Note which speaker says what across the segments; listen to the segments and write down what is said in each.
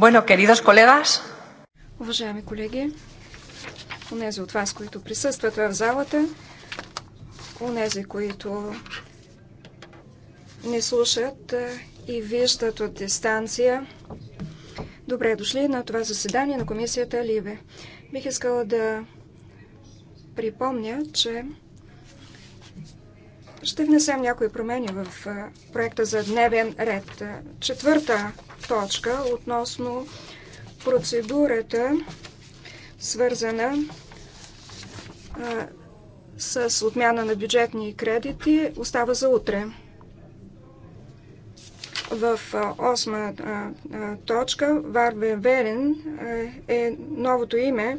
Speaker 1: Bueno, queridos colegas. Уважаеми колеги, унези от вас, които присъстват в залата, унези, които не слушат и виждат от дистанция, добре дошли на това заседание на комисията Либе. Бих искала да припомня, че ще внесем някои промени в проекта за дневен ред. Четвърта точка относно процедурата, свързана с отмяна на бюджетни кредити, остава за утре. В осма точка Варбе Верен е новото име,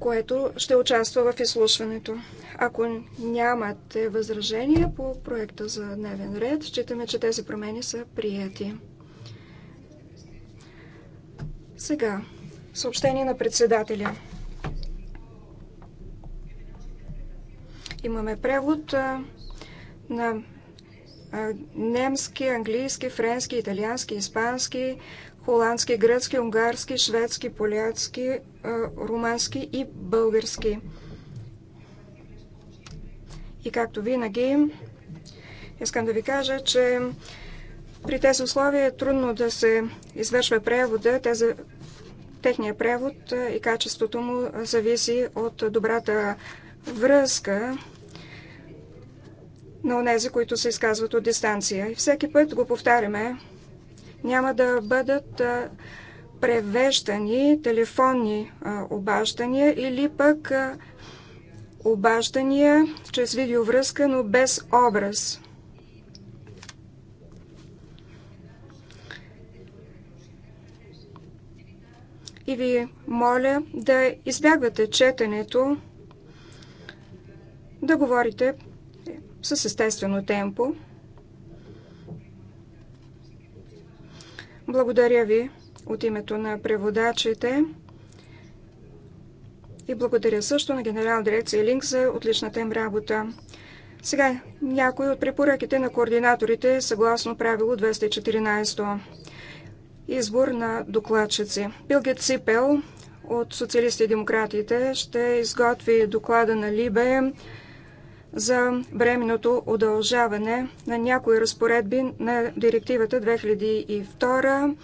Speaker 1: което ще участва в изслушването. Ако нямате възражения по проекта за дневен ред, считаме, че тези промени са прияти. Сега, съобщение на председателя. Имаме превод на немски, английски, френски, италиански, испански, холандски, гръцки, унгарски, шведски, поляцки, румански и български. И както винаги, искам да ви кажа, че при тези условия е трудно да се извършва превода. Тези, техния превод и качеството му зависи от добрата връзка на онези, които се изказват от дистанция. И всеки път го повтаряме. Няма да бъдат превеждани телефонни обаждания или пък обаждания чрез видеовръзка, но без образ. И ви моля да избягвате четенето, да говорите с естествено темпо. Благодаря ви от името на преводачите. И благодаря също на генерал дирекция Линк за отличната им работа. Сега някои от препоръките на координаторите съгласно правило 214. Избор на докладчици. Билгет Сипел от Социалисти и демократите ще изготви доклада на Либе за временното удължаване на някои разпоредби на директивата 2002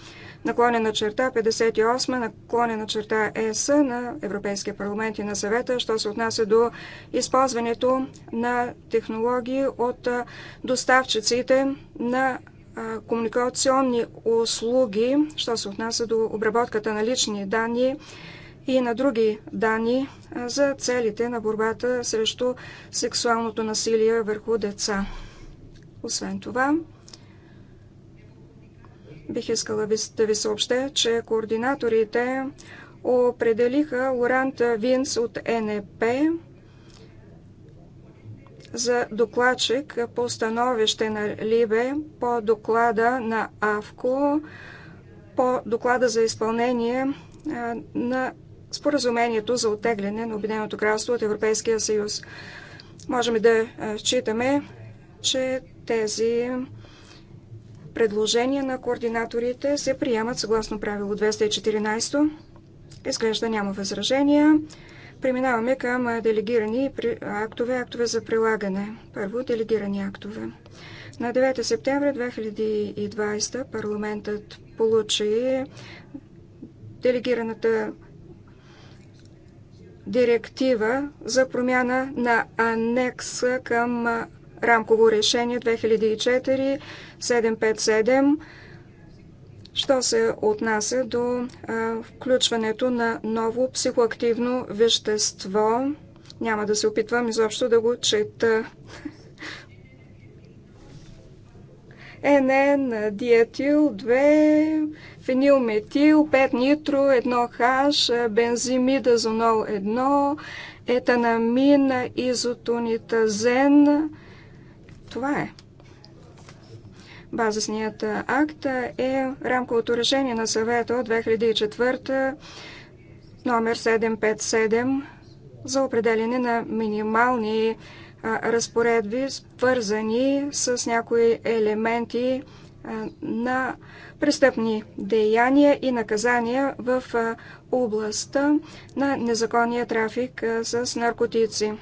Speaker 1: наклонена черта 58, наклонена черта ЕС на Европейския парламент и на съвета, що се отнася до използването на технологии от доставчиците на комуникационни услуги, що се отнася до обработката на лични данни и на други данни за целите на борбата срещу сексуалното насилие върху деца. Освен това, Бих искала да ви съобща, че координаторите определиха Лорант Винс от НЕП за докладчик по становище на Либе по доклада на АВКО по доклада за изпълнение на споразумението за оттегляне на Обединеното кралство от Европейския съюз. Можем да считаме, че тези предложения на координаторите се приемат съгласно правило 214. Изглежда няма възражения. Преминаваме към делегирани актове, актове за прилагане. Първо, делегирани актове. На 9 септември 2020 парламентът получи делегираната директива за промяна на анекса към рамково решение 2004 757, що се отнася до включването на ново психоактивно вещество. Няма да се опитвам изобщо да го чета. НН, диетил 2, фенилметил, 5 нитро, 1 хаш, бензимидазонол 1, етанамин, изотонитазен. Това е. Базисният акт е рамковото решение на съвета от 2004 номер 757 за определене на минимални разпоредби, свързани с някои елементи на престъпни деяния и наказания в областта на незаконния трафик с наркотици.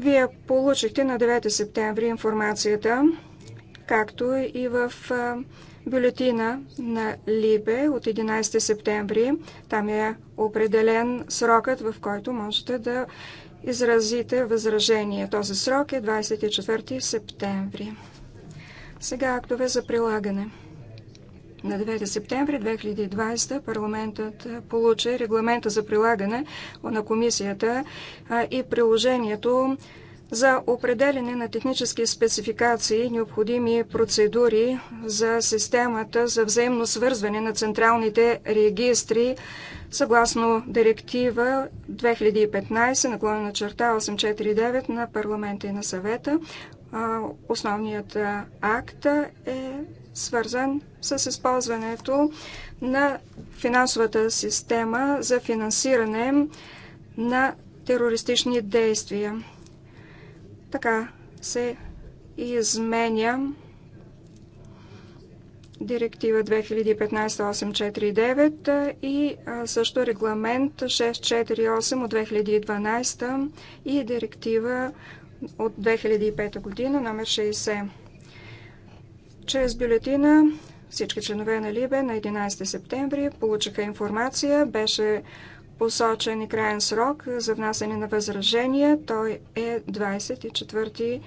Speaker 1: Вие получихте на 9 септември информацията, както и в бюлетина на Либе от 11 септември. Там е определен срокът, в който можете да изразите възражение. Този срок е 24 септември. Сега актове за прилагане. На 9 септември 2020 парламентът получи регламента за прилагане на комисията и приложението за определене на технически спецификации, необходими процедури за системата за взаимно свързване на централните регистри съгласно директива 2015 на черта 849 на парламента и на съвета. Основният акт е свързан с използването на финансовата система за финансиране на терористични действия. Така се изменя Директива 2015-849 и също регламент 648 от 2012 и директива от 2005 година номер 60. Чрез бюлетина всички членове на Либе на 11 септември получиха информация. Беше посочен и крайен срок за внасяне на възражения. Той е 24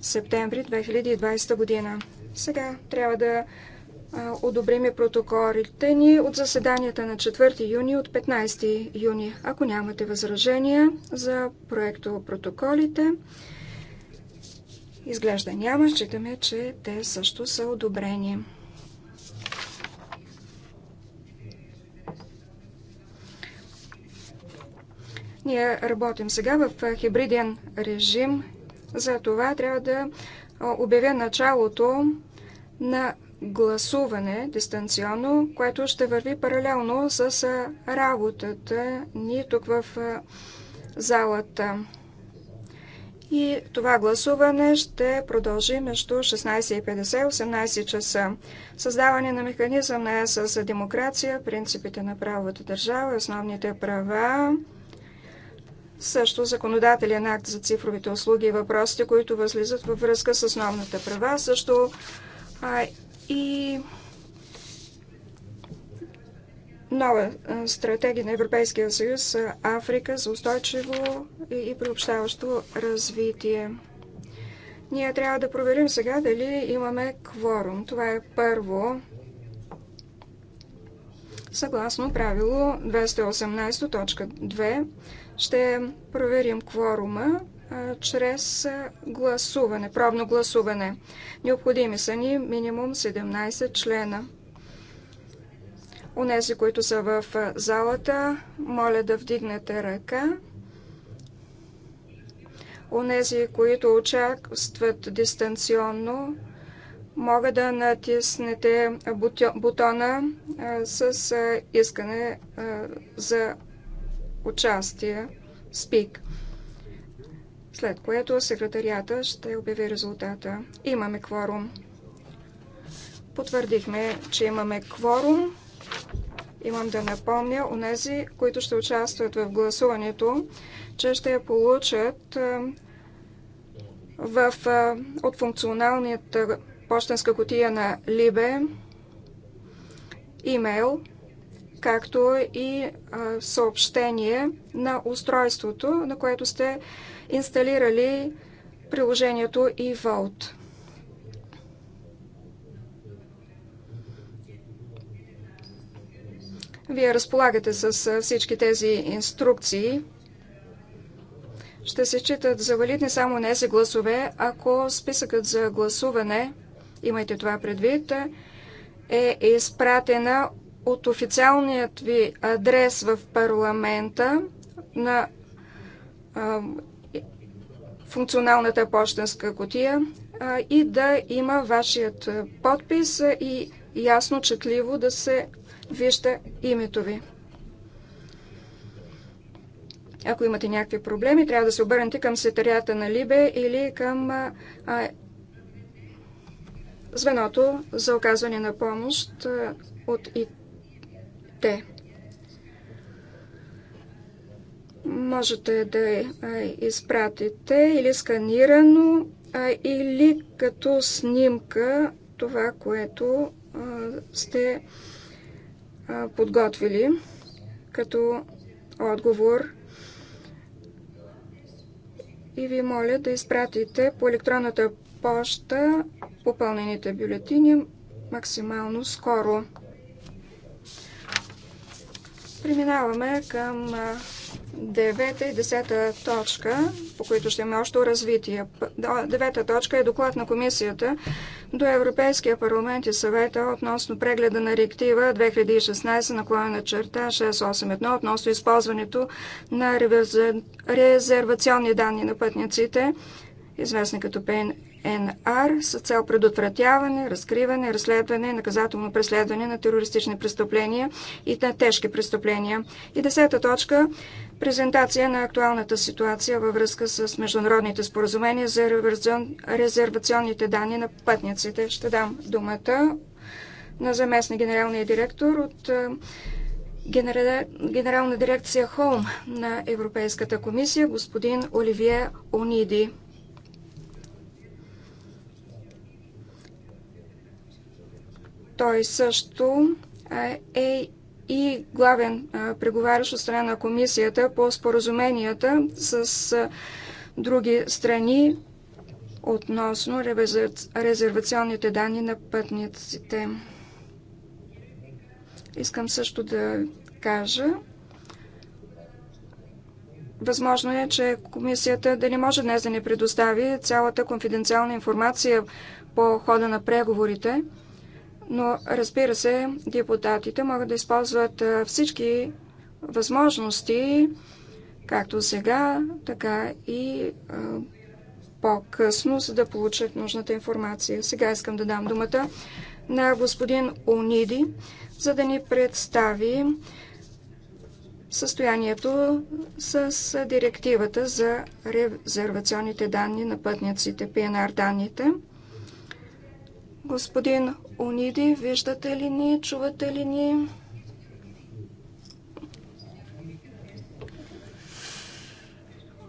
Speaker 1: септември 2020 година. Сега трябва да одобриме протоколите ни от заседанията на 4 юни от 15 юни. Ако нямате възражения за проекто протоколите, Изглежда няма. Считаме, че те също са одобрени. Ние работим сега в хибриден режим. За това трябва да обявя началото на гласуване дистанционно, което ще върви паралелно с работата ни тук в залата. И това гласуване ще продължи между 16.50 и 18 часа. Създаване на механизъм на ЕС за демокрация, принципите на правовата държава и основните права. Също законодателен акт за цифровите услуги и въпросите, които възлизат във връзка с основната права. Също а, и нова стратегия на Европейския съюз Африка за устойчиво и приобщаващо развитие. Ние трябва да проверим сега дали имаме кворум. Това е първо. Съгласно правило 218.2 ще проверим кворума чрез гласуване, пробно гласуване. Необходими са ни минимум 17 члена. Онези, които са в залата, моля да вдигнете ръка. Онези, които участват дистанционно, мога да натиснете бутона с искане за участие Speak. След което секретарията ще обяви резултата. Имаме кворум. Потвърдихме, че имаме кворум. Имам да напомня онези, които ще участват в гласуването, че ще я получат е, в, е, от функционалната е, почтенска котия на Либе, имейл, както и съобщение на устройството, на което сте инсталирали приложението eVote. Вие разполагате с всички тези инструкции. Ще се считат за валидни само нези гласове, ако списъкът за гласуване, имайте това предвид, е изпратена от официалният ви адрес в парламента на функционалната почтенска котия и да има вашият подпис и ясно, четливо да се Вижда името ви. Ако имате някакви проблеми, трябва да се обърнете към сетарията на Либе или към а, звеното за оказване на помощ а, от ИТ. Можете да изпратите или сканирано, а, или като снимка това, което а, сте подготвили като отговор. И ви моля да изпратите по електронната поща попълнените бюлетини максимално скоро. Преминаваме към Девета и десета точка, по които ще има още развитие. Девета точка е доклад на комисията до Европейския парламент и съвета относно прегледа на ректива 2016 клана черта 681 относно използването на резервационни данни на пътниците, известни като PNR ПНР с цел предотвратяване, разкриване, разследване, наказателно преследване на терористични престъпления и на тежки престъпления. И десета точка презентация на актуалната ситуация във връзка с международните споразумения за резервационните данни на пътниците. Ще дам думата на заместник генералния директор от е, Генерална дирекция Холм на Европейската комисия, господин Оливие Ониди. Той също е и главен преговарящ от страна на комисията по споразуменията с други страни относно резервационните данни на пътниците. Искам също да кажа, Възможно е, че комисията да не може днес да ни предостави цялата конфиденциална информация по хода на преговорите. Но разбира се, депутатите могат да използват всички възможности, както сега, така и по-късно, за да получат нужната информация. Сега искам да дам думата на господин Ониди, за да ни представи състоянието с директивата за резервационните данни на пътниците, ПНР данните – Господин Униди, виждате ли ни, чувате ли ни?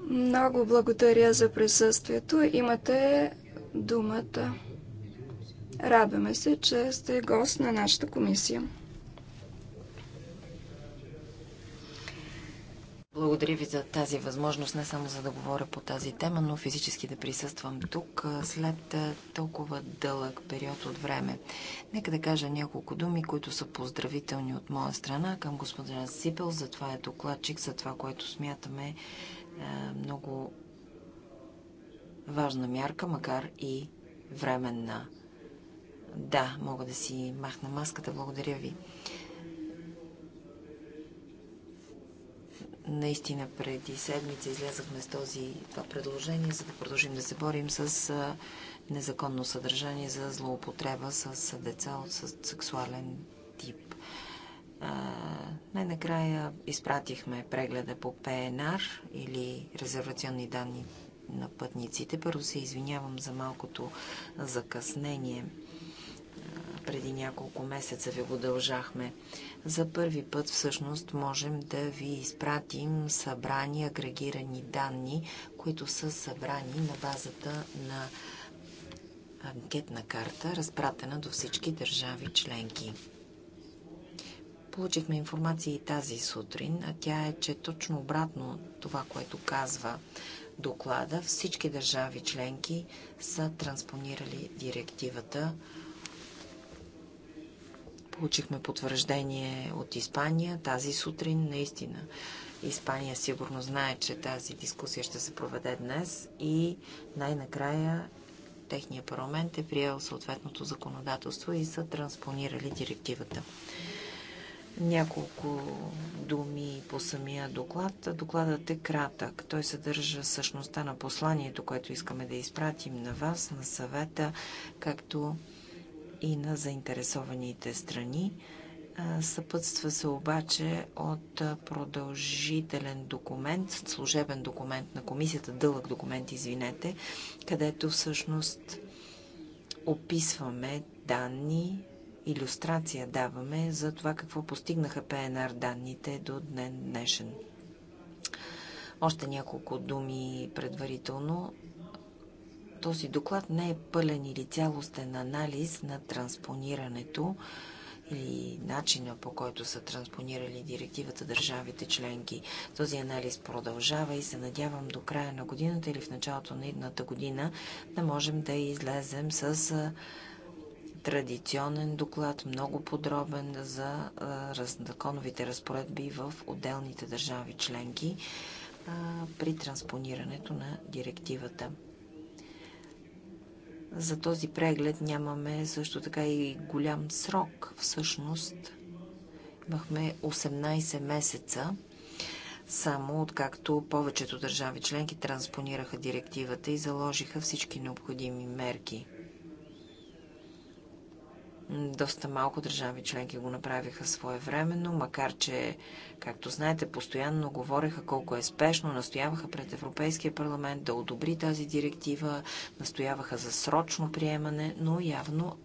Speaker 1: Много благодаря за присъствието. Имате думата. Радваме се, че сте гост на нашата комисия.
Speaker 2: Благодаря ви за тази възможност, не само за да говоря по тази тема, но физически да присъствам тук след толкова дълъг период от време. Нека да кажа няколко думи, които са поздравителни от моя страна към господин Сипел, за това е докладчик, за това, което смятаме много важна мярка, макар и временна. Да, мога да си махна маската, благодаря ви. Наистина преди седмица излязахме с този, това предложение, за да продължим да се борим с незаконно съдържание за злоупотреба с деца от сексуален тип. Най-накрая изпратихме прегледа по ПНР или резервационни данни на пътниците. Първо се извинявам за малкото закъснение преди няколко месеца ви го дължахме. За първи път всъщност можем да ви изпратим събрани, агрегирани данни, които са събрани на базата на анкетна карта, разпратена до всички държави членки. Получихме информация и тази сутрин, а тя е, че точно обратно това, което казва доклада, всички държави членки са транспонирали директивата Получихме потвърждение от Испания тази сутрин. Наистина, Испания сигурно знае, че тази дискусия ще се проведе днес и най-накрая техния парламент е приел съответното законодателство и са транспонирали директивата. Няколко думи по самия доклад. Докладът е кратък. Той съдържа същността на посланието, което искаме да изпратим на вас, на съвета, както и на заинтересованите страни. Съпътства се обаче от продължителен документ, служебен документ на комисията, дълъг документ, извинете, където всъщност описваме данни, иллюстрация даваме за това какво постигнаха ПНР данните до днен днешен. Още няколко думи предварително този доклад не е пълен или цялостен анализ на транспонирането или начина по който са транспонирали директивата държавите членки. Този анализ продължава и се надявам до края на годината или в началото на едната година да можем да излезем с традиционен доклад, много подробен за законовите разпоредби в отделните държави членки при транспонирането на директивата. За този преглед нямаме също така и голям срок. Всъщност имахме 18 месеца само откакто повечето държави членки транспонираха директивата и заложиха всички необходими мерки. Доста малко държави членки го направиха своевременно, макар че, както знаете, постоянно говореха колко е спешно, настояваха пред Европейския парламент да одобри тази директива, настояваха за срочно приемане, но явно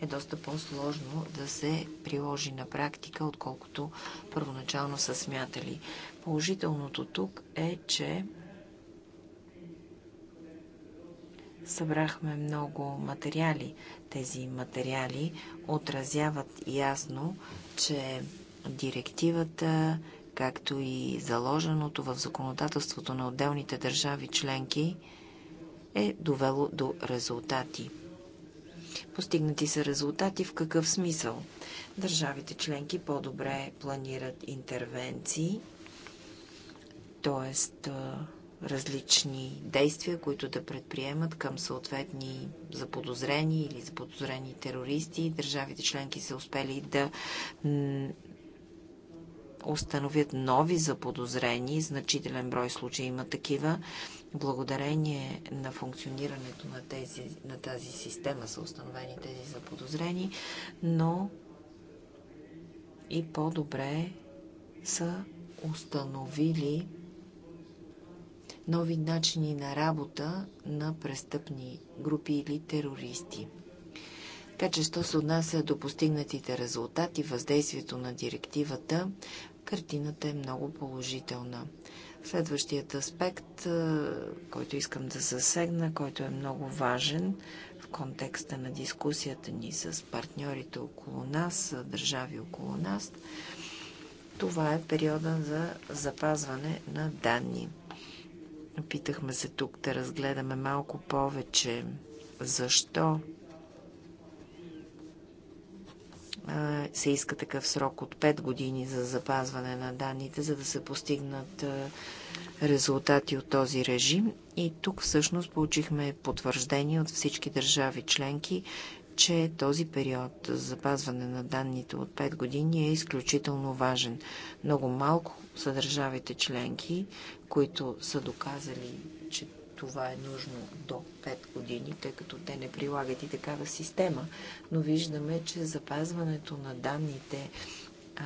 Speaker 2: е доста по-сложно да се приложи на практика, отколкото първоначално са смятали. Положителното тук е, че събрахме много материали тези материали отразяват ясно, че директивата, както и заложеното в законодателството на отделните държави членки, е довело до резултати. Постигнати са резултати в какъв смисъл? Държавите членки по-добре планират интервенции, т.е различни действия, които да предприемат към съответни заподозрени или заподозрени терористи. Държавите членки са успели да установят нови заподозрени. Значителен брой случаи има такива. Благодарение на функционирането на, тези, на тази система са установени тези заподозрени, но и по-добре са установили нови начини на работа на престъпни групи или терористи. Така че, що се отнася до постигнатите резултати, въздействието на директивата, картината е много положителна. Следващият аспект, който искам да засегна, който е много важен в контекста на дискусията ни с партньорите около нас, държави около нас, това е периода за запазване на данни. Опитахме се тук да разгледаме малко повече защо се иска такъв срок от 5 години за запазване на данните, за да се постигнат резултати от този режим. И тук всъщност получихме потвърждение от всички държави членки, че този период за запазване на данните от 5 години е изключително важен. Много малко са държавите членки, които са доказали, че това е нужно до 5 години, тъй като те не прилагат и такава система. Но виждаме, че запазването на данните а,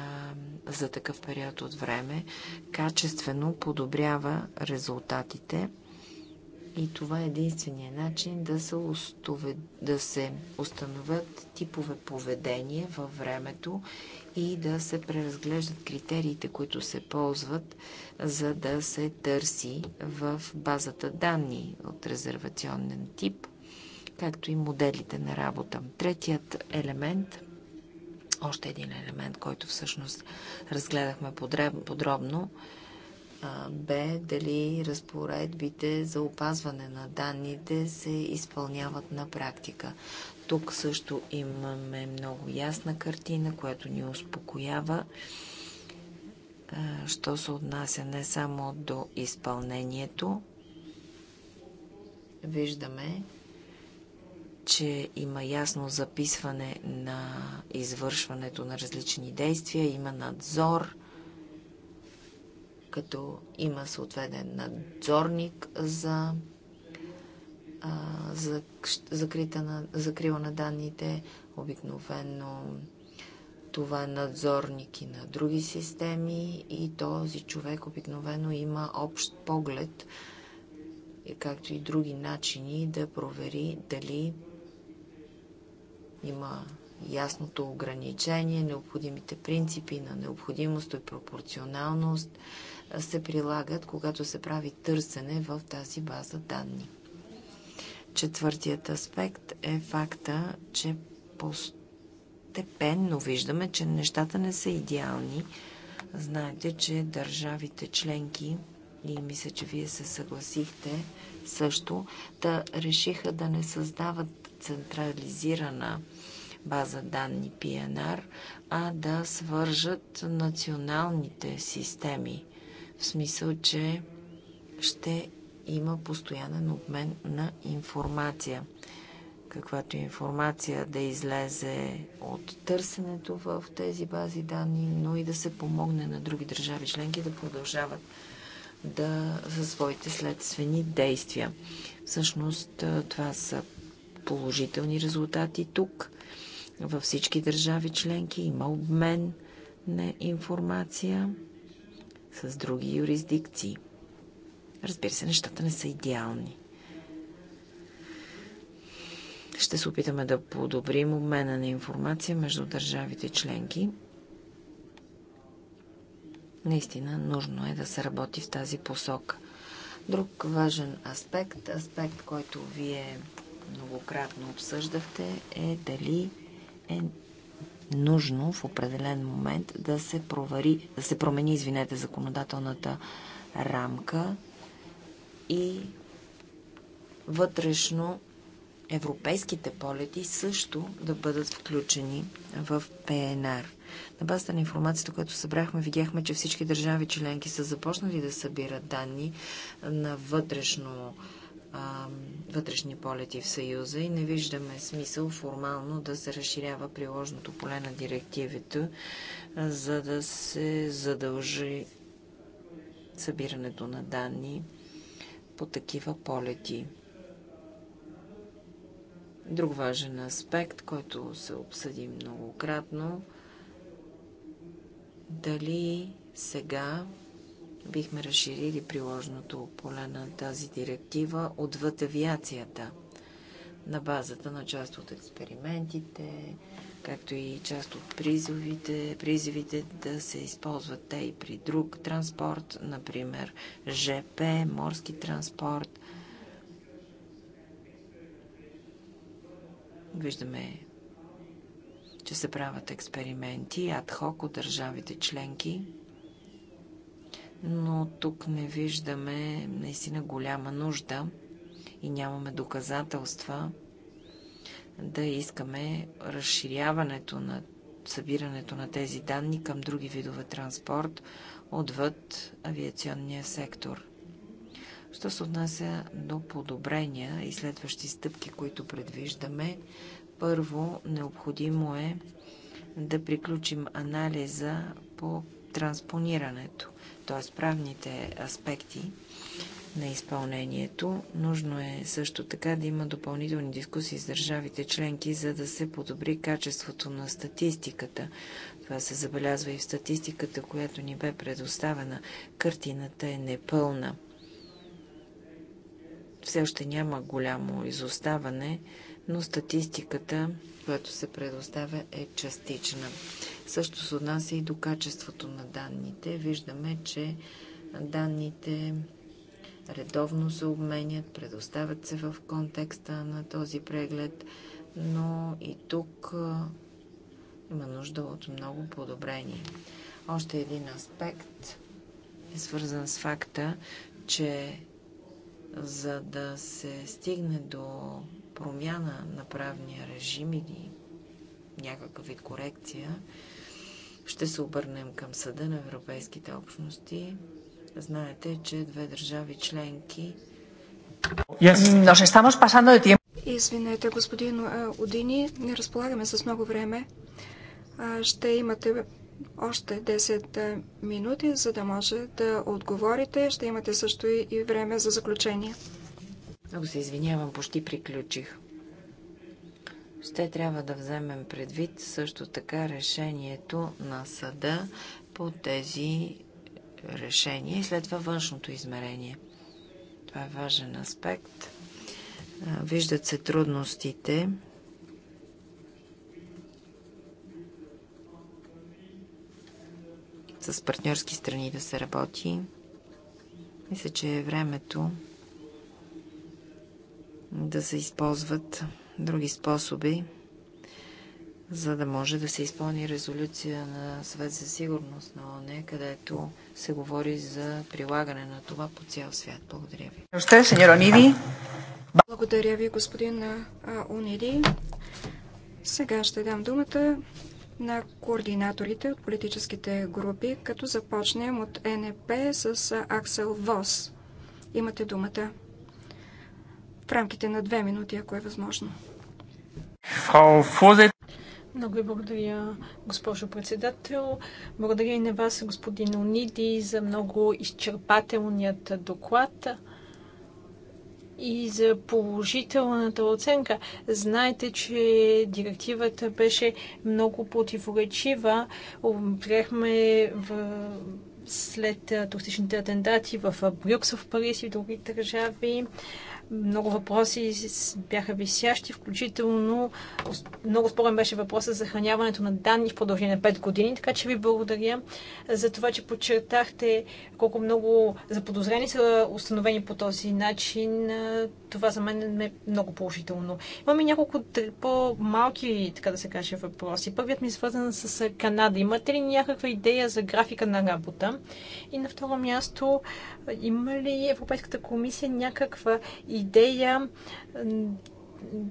Speaker 2: за такъв период от време качествено подобрява резултатите и това е единствения начин да се, устове, да се установят типове поведение във времето и да се преразглеждат критериите, които се ползват, за да се търси в базата данни от резервационен тип, както и моделите на работа. Третият елемент – още един елемент, който всъщност разгледахме подробно, Б. Дали разпоредбите за опазване на данните се изпълняват на практика. Тук също имаме много ясна картина, която ни успокоява, що се отнася не само до изпълнението. Виждаме, че има ясно записване на извършването на различни действия, има надзор – като има съответен надзорник за закрита на, закрила на данните, обикновено това е надзорник и на други системи и този човек обикновено има общ поглед, както и други начини да провери дали има ясното ограничение, необходимите принципи на необходимост и пропорционалност, се прилагат, когато се прави търсене в тази база данни. Четвъртият аспект е факта, че постепенно виждаме, че нещата не са идеални. Знаете, че държавите членки, и мисля, че вие се съгласихте също, да решиха да не създават централизирана база данни PNR, а да свържат националните системи в смисъл, че ще има постоянен обмен на информация. Каквато информация да излезе от търсенето в тези бази данни, но и да се помогне на други държави членки да продължават да, за своите следствени действия. Всъщност това са положителни резултати тук. Във всички държави членки има обмен на информация с други юрисдикции. Разбира се, нещата не са идеални. Ще се опитаме да подобрим обмена на информация между държавите членки. Наистина, нужно е да се работи в тази посока. Друг важен аспект, аспект, който вие многократно обсъждахте, е дали е нужно в определен момент да се, провари, да се промени извинете, законодателната рамка и вътрешно европейските полети също да бъдат включени в ПНР. На базата на информацията, която събрахме, видяхме, че всички държави членки са започнали да събират данни на вътрешно а, вътрешни полети в Съюза и не виждаме смисъл формално да се разширява приложното поле на директивите, за да се задължи събирането на данни по такива полети. Друг важен аспект, който се обсъди многократно, дали сега бихме разширили приложното поле на тази директива отвъд авиацията на базата на част от експериментите, както и част от призовите, призивите да се използват те и при друг транспорт, например ЖП, морски транспорт. Виждаме, че се правят експерименти адхок от държавите членки но тук не виждаме наистина голяма нужда и нямаме доказателства да искаме разширяването на събирането на тези данни към други видове транспорт отвъд авиационния сектор. Що се отнася до подобрения и следващи стъпки, които предвиждаме, първо необходимо е да приключим анализа по транспонирането, т.е. правните аспекти на изпълнението. Нужно е също така да има допълнителни дискусии с държавите членки, за да се подобри качеството на статистиката. Това се забелязва и в статистиката, която ни бе предоставена. Картината е непълна. Все още няма голямо изоставане, но статистиката, която се предоставя, е частична. Също се отнася и до качеството на данните. Виждаме, че данните редовно се обменят, предоставят се в контекста на този преглед, но и тук има нужда от много подобрение. Още един аспект е свързан с факта, че за да се стигне до промяна на правния режим или някакъв вид корекция, ще се обърнем към Съда на Европейските общности. Знаете, че две държави членки.
Speaker 1: Извинете, господин Одини, не разполагаме с много време. Ще имате още 10 минути, за да може да отговорите. Ще имате също и време за заключение.
Speaker 2: Много се извинявам, почти приключих. Ще трябва да вземем предвид също така решението на съда по тези решения и след това външното измерение. Това е важен аспект. Виждат се трудностите. С партньорски страни да се работи. Мисля, че е времето да се използват други способи, за да може да се изпълни резолюция на Съвет за сигурност на ОНЕ, където се говори за прилагане на това по цял свят. Благодаря ви.
Speaker 1: Благодаря ви, господин Униди. Сега ще дам думата на координаторите от политическите групи, като започнем от НП с Аксел Вос. Имате думата в рамките на две минути, ако е възможно. Много
Speaker 3: ви благодаря, госпожо председател. Благодаря и на вас, господин Ониди, за много изчерпателният доклад и за положителната оценка. Знаете, че директивата беше много противоречива. Приехме в след туристичните атентати в Брюксел, в Париж и в други държави. Много въпроси бяха висящи, включително много спорен беше въпросът за съхраняването на данни в продължение на 5 години, така че ви благодаря за това, че подчертахте колко много заподозрени са установени по този начин. Това за мен е много положително. Имаме няколко по-малки, така да се каже, въпроси. Първият ми е свързан с Канада. Имате ли някаква идея за графика на работа? И на второ място, има ли Европейската комисия някаква идея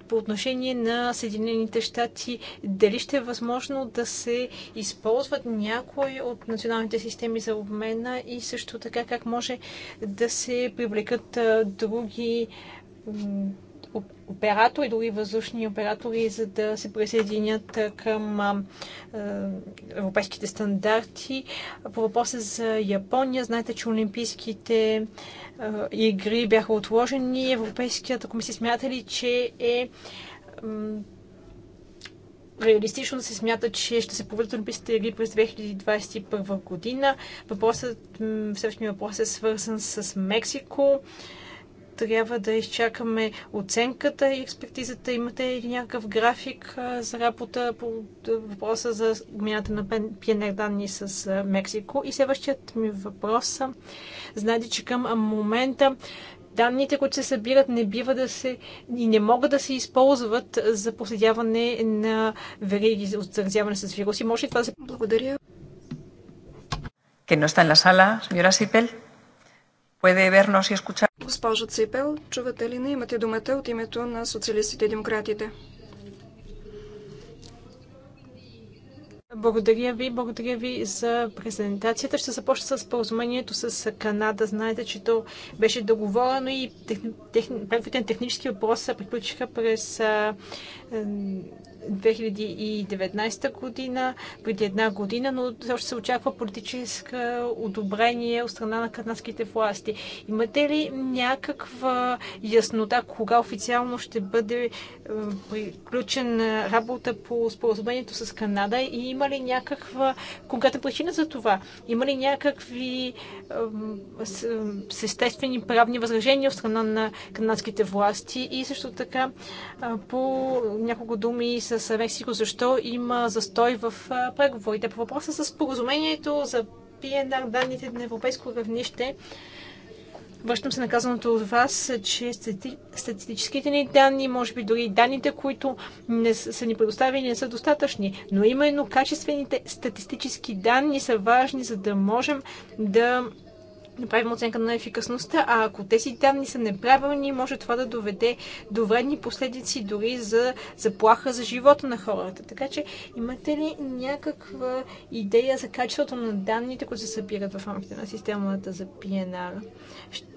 Speaker 3: по отношение на Съединените щати, дали ще е възможно да се използват някои от националните системи за обмена и също така как може да се привлекат други оператори, дори въздушни оператори, за да се присъединят към европейските стандарти. По въпроса за Япония, знаете, че Олимпийските игри бяха отложени. Европейската комисия смята ли, че е реалистично да се смята, че ще се проведат Олимпийските игри през 2021 година. Въпросът, всъщност въпрос е свързан с Мексико трябва да изчакаме оценката и експертизата. Имате ли някакъв график за работа по въпроса за мината на пиенер данни с Мексико? И следващият ми въпрос. Знаете, че към момента данните, които се събират, не бива да се и не могат да се използват за последяване на вериги за заразяване с вируси.
Speaker 1: Може ли това да се... Благодаря. Que no está en la sala, señora Sipel puede vernos y escuchar. Госпожо Ципел, чувате ли не? Имате думата от името на социалистите и демократите.
Speaker 3: Благодаря ви, благодаря ви за презентацията. Ще започна с споразумението с Канада. Знаете, че то беше договорено и техни, техни, първите технически въпроси приключиха през а, 2019 година, преди една година, но още се очаква политическо одобрение от страна на канадските власти. Имате ли някаква яснота кога официално ще бъде е, приключен е, работа по споразумението с Канада и има ли някаква конкретна причина за това? Има ли някакви естествени е, правни възражения от страна на канадските власти и също така по няколко думи с с Мексико, защо има застой в преговорите. По въпроса с споразумението за PNR данните на европейско равнище, Връщам се наказаното от вас, че статистическите ни данни, може би дори данните, които не са, са ни предоставени, не са достатъчни. Но именно качествените статистически данни са важни, за да можем да направим оценка на ефикасността, а ако тези данни са неправилни, може това да доведе до вредни последици дори за заплаха за живота на хората. Така че имате ли някаква идея за качеството на данните, които се събират в рамките на системата за PNR?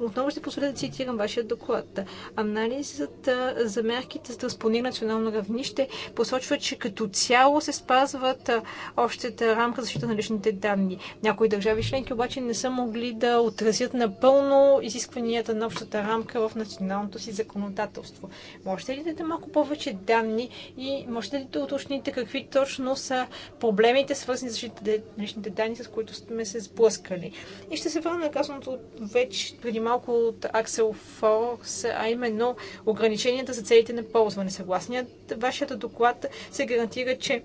Speaker 3: Отново ще позволя да цитирам вашия доклад. Анализът за мерките за транспонир национално равнище посочва, че като цяло се спазват общата рамка за защита на личните данни. Някои държави членки обаче не са могли да отразят напълно изискванията на общата рамка в националното си законодателство. Можете ли да дадете малко повече данни и можете ли да уточните какви точно са проблемите, свързани с защитите личните данни, с които сме се сблъскали? И ще се върна на казаното вече преди малко от Аксел Форс, а именно ограниченията за целите на ползване. Съгласният вашият доклад се гарантира, че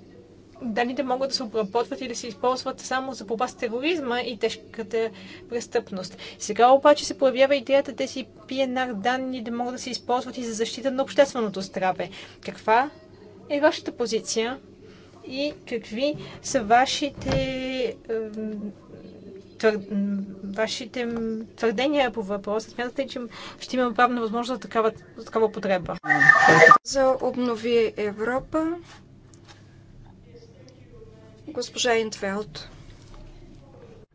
Speaker 3: данните могат да се обработват и да се използват само за борба с тероризма и тежката престъпност. Сега обаче се появява идеята тези PNR данни да могат да се използват и за защита на общественото здраве. Каква е вашата позиция и какви са вашите твър... вашите твърдения по въпроса? Смятате, че ще има правна възможност за такава, за такава потреба?
Speaker 1: За обнови Европа Госпожа Интвелт.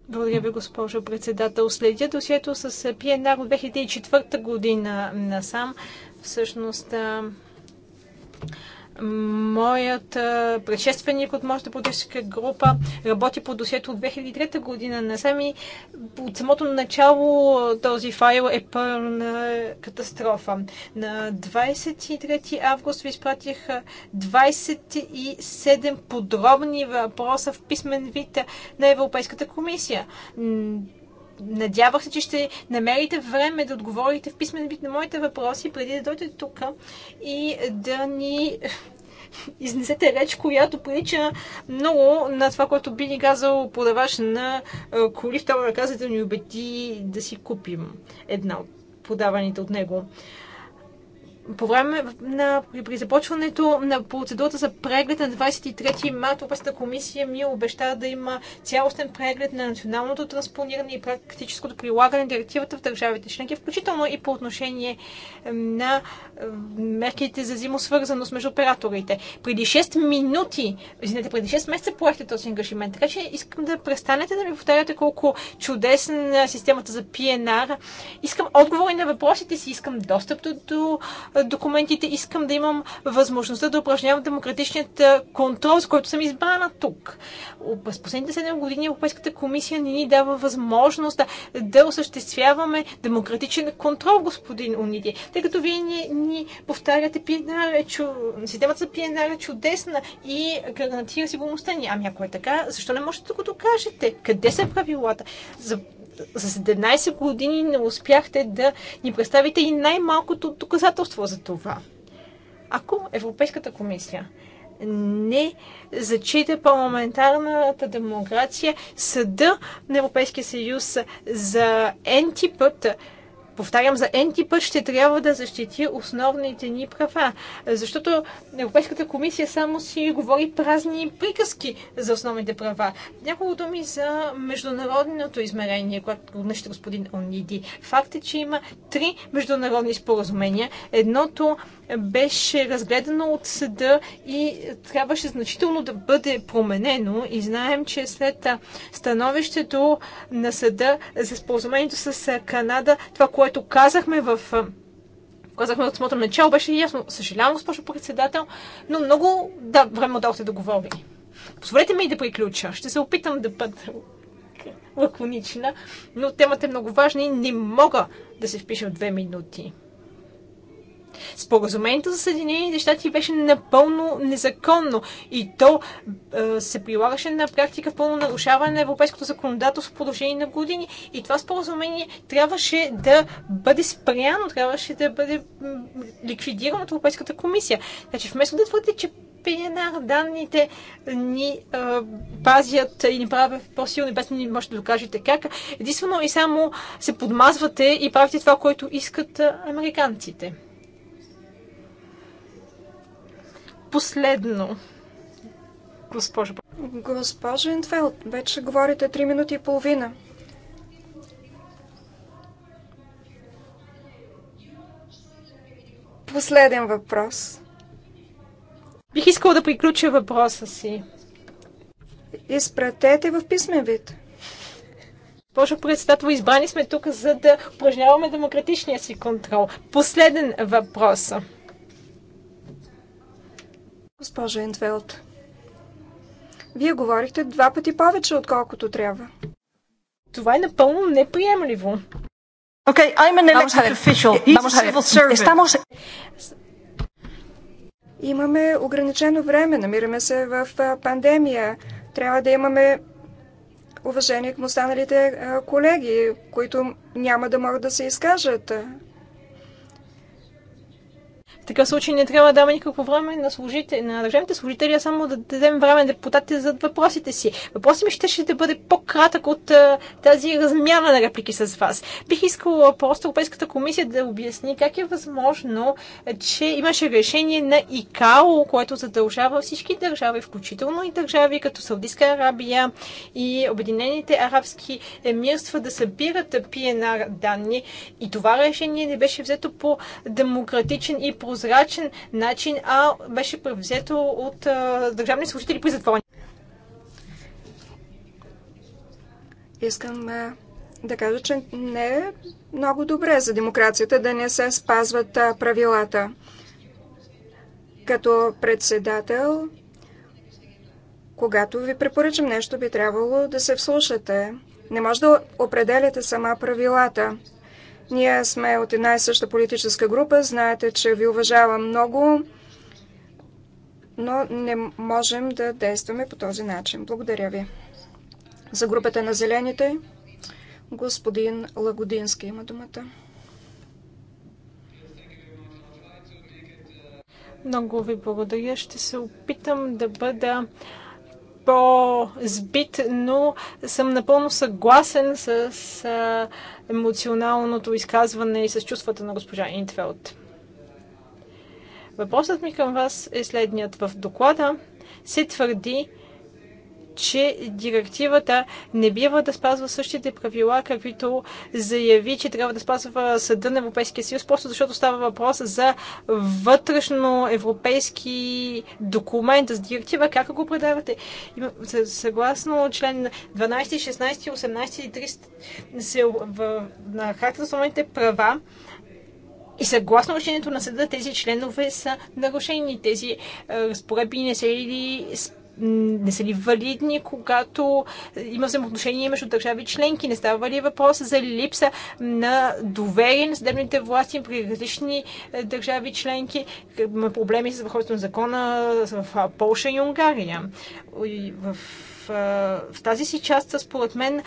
Speaker 1: Благодаря ви, госпожо председател. Следя
Speaker 3: досието с пиенар от 2004 година насам. Всъщност, Моят предшественик от моята политическа група работи по досието от 2003 година. Насам и от самото начало този файл е пълна катастрофа. На 23 август ви изпратих 27 подробни въпроса в писмен вид на Европейската комисия. Надявах се, че ще намерите време да отговорите в писмен вид на моите въпроси, преди да дойдете тук и да ни изнесете реч, която прилича много на това, което би ни казал продаваш на коли втора ръка, за да ни убеди да си купим една от подаваните от него по време на, при започването на процедурата за преглед на 23 марта Европейската комисия ми обеща да има цялостен преглед на националното транспониране и практическото прилагане на директивата в държавите членки, включително и по отношение на мерките за взаимосвързаност между операторите. Преди 6 минути, извинете, преди 6 месеца поехте този ангажимент, така че искам да престанете да ми повтаряте колко чудесна е системата за PNR. Искам отговори на въпросите си, искам достъп до документите, искам да имам възможността да упражнявам демократичният контрол, с който съм избрана тук. През последните 7 години Европейската комисия не ни дава възможност да, да осъществяваме демократичен контрол, господин Униди, тъй като вие ни, ни повтаряте PNR, е чу... системата за PNR е чудесна и гарантира сигурността ни. Ами ако е така, защо не можете да го докажете? Къде са правилата? За за 17 години не успяхте да ни представите и най-малкото доказателство за това. Ако Европейската комисия не зачита парламентарната демокрация, съда на Европейския съюз за ентипът път повтарям за енти път, ще трябва да защити основните ни права. Защото Европейската комисия само си говори празни приказки за основните права. Няколко думи за международното измерение, което нещо господин Ониди. Факт е, че има три международни споразумения. Едното беше разгледано от съда и трябваше значително да бъде променено. И знаем, че след становището на съда за споразумението с Канада, това, което казахме в казахме от самото начало, беше ясно. Съжалявам, госпожо председател, но много да, време отдохте да говори. Позволете ми и да приключа. Ще се опитам да бъда лаконична, но темата е много важна и не мога да се впиша в две минути. Споразумението за Съединените щати беше напълно незаконно и то е, се прилагаше на практика в пълно нарушаване на европейското законодателство в продължение на години. И това споразумение трябваше да бъде спряно, трябваше да бъде ликвидирано от Европейската комисия. Значи вместо да твърди, че PNR данните ни е, пазят и ни правят по-силни, без ни можете да докажете как. Единствено и само се подмазвате и правите това, което искат е, американците.
Speaker 1: последно. Госпожо. Госпожо Инфелд, вече говорите 3 минути и половина. Последен въпрос. Бих искала да приключа въпроса си.
Speaker 3: Изпратете в писмен вид. Госпожо председател, избрани сме тук, за да упражняваме демократичния си контрол. Последен въпрос.
Speaker 1: Госпожо Ентвелт, вие говорихте два пъти повече, отколкото трябва. Това е напълно неприемливо. Okay, I'm an elected official. He's a civil servant. Имаме ограничено време. Намираме се в пандемия. Трябва да имаме уважение към останалите колеги, които няма да могат да се изкажат
Speaker 3: такъв случай не трябва да даваме никакво време на, служите, на държавните служители, а само да дадем време на депутатите за въпросите си. Въпросът ми ще, ще бъде по-кратък от а, тази размяна на реплики с вас. Бих искала просто Европейската комисия да обясни как е възможно, че имаше решение на ИКАО, което задължава всички държави, включително и държави като Саудитска Арабия и Обединените арабски емирства да събират PNR данни. И това решение не беше взето по демократичен и прозрачен прозрачен начин, а беше превзето от а, държавни служители при затворени.
Speaker 1: Искам а, да кажа, че не е много добре за демокрацията да не се спазват а, правилата. Като председател, когато ви препоръчам нещо, би трябвало да се вслушате. Не може да определяте сама правилата. Ние сме от една и съща политическа група. Знаете, че ви уважавам много, но не можем да действаме по този начин. Благодаря ви. За групата на зелените, господин Лагодински има думата.
Speaker 3: Много ви благодаря. Ще се опитам да бъда по сбит но съм напълно съгласен с емоционалното изказване и с чувствата на госпожа Интфелд. Въпросът ми към вас е следният. В доклада се твърди, че директивата не бива да спазва същите правила, каквито заяви, че трябва да спазва Съда на Европейския съюз, просто защото става въпрос за вътрешно европейски документ с директива. Как го предавате? Съгласно член 12, 16, 18 и 30 на Харта за основните права, и съгласно решението на съда, тези членове са нарушени. Тези разпоредби не са ли не са ли валидни, когато има взаимоотношения между държави членки? Не става ли въпрос за липса на доверие на съдебните власти при различни е, държави членки? проблеми с върховенството на закона в Польша и Унгария. В в тази си част, според мен,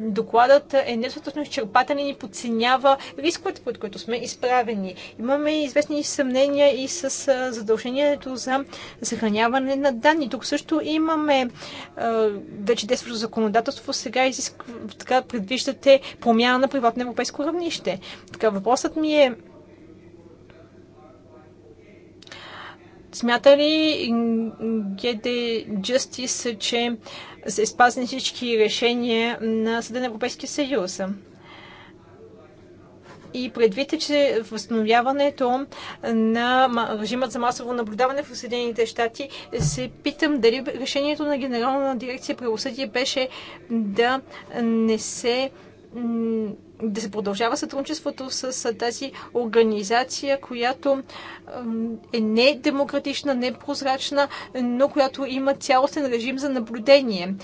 Speaker 3: докладът е недостатъчно изчерпателен и ни подценява рисковете, под които сме изправени. Имаме известни съмнения и с задължението за съхраняване на данни. Тук също имаме вече действащо законодателство. Сега изисква, така предвиждате промяна на приватно европейско равнище. Така, въпросът ми е Смята ли ГД Джастис, че се спазни всички решения на Съда на Европейския съюз? и предвид че възстановяването на режимът за масово наблюдаване в Съединените щати, се питам дали решението на Генерална дирекция правосъдие беше да не се да се продължава сътрудничеството с тази организация, която е недемократична, непрозрачна, но която има цялостен режим за наблюдение.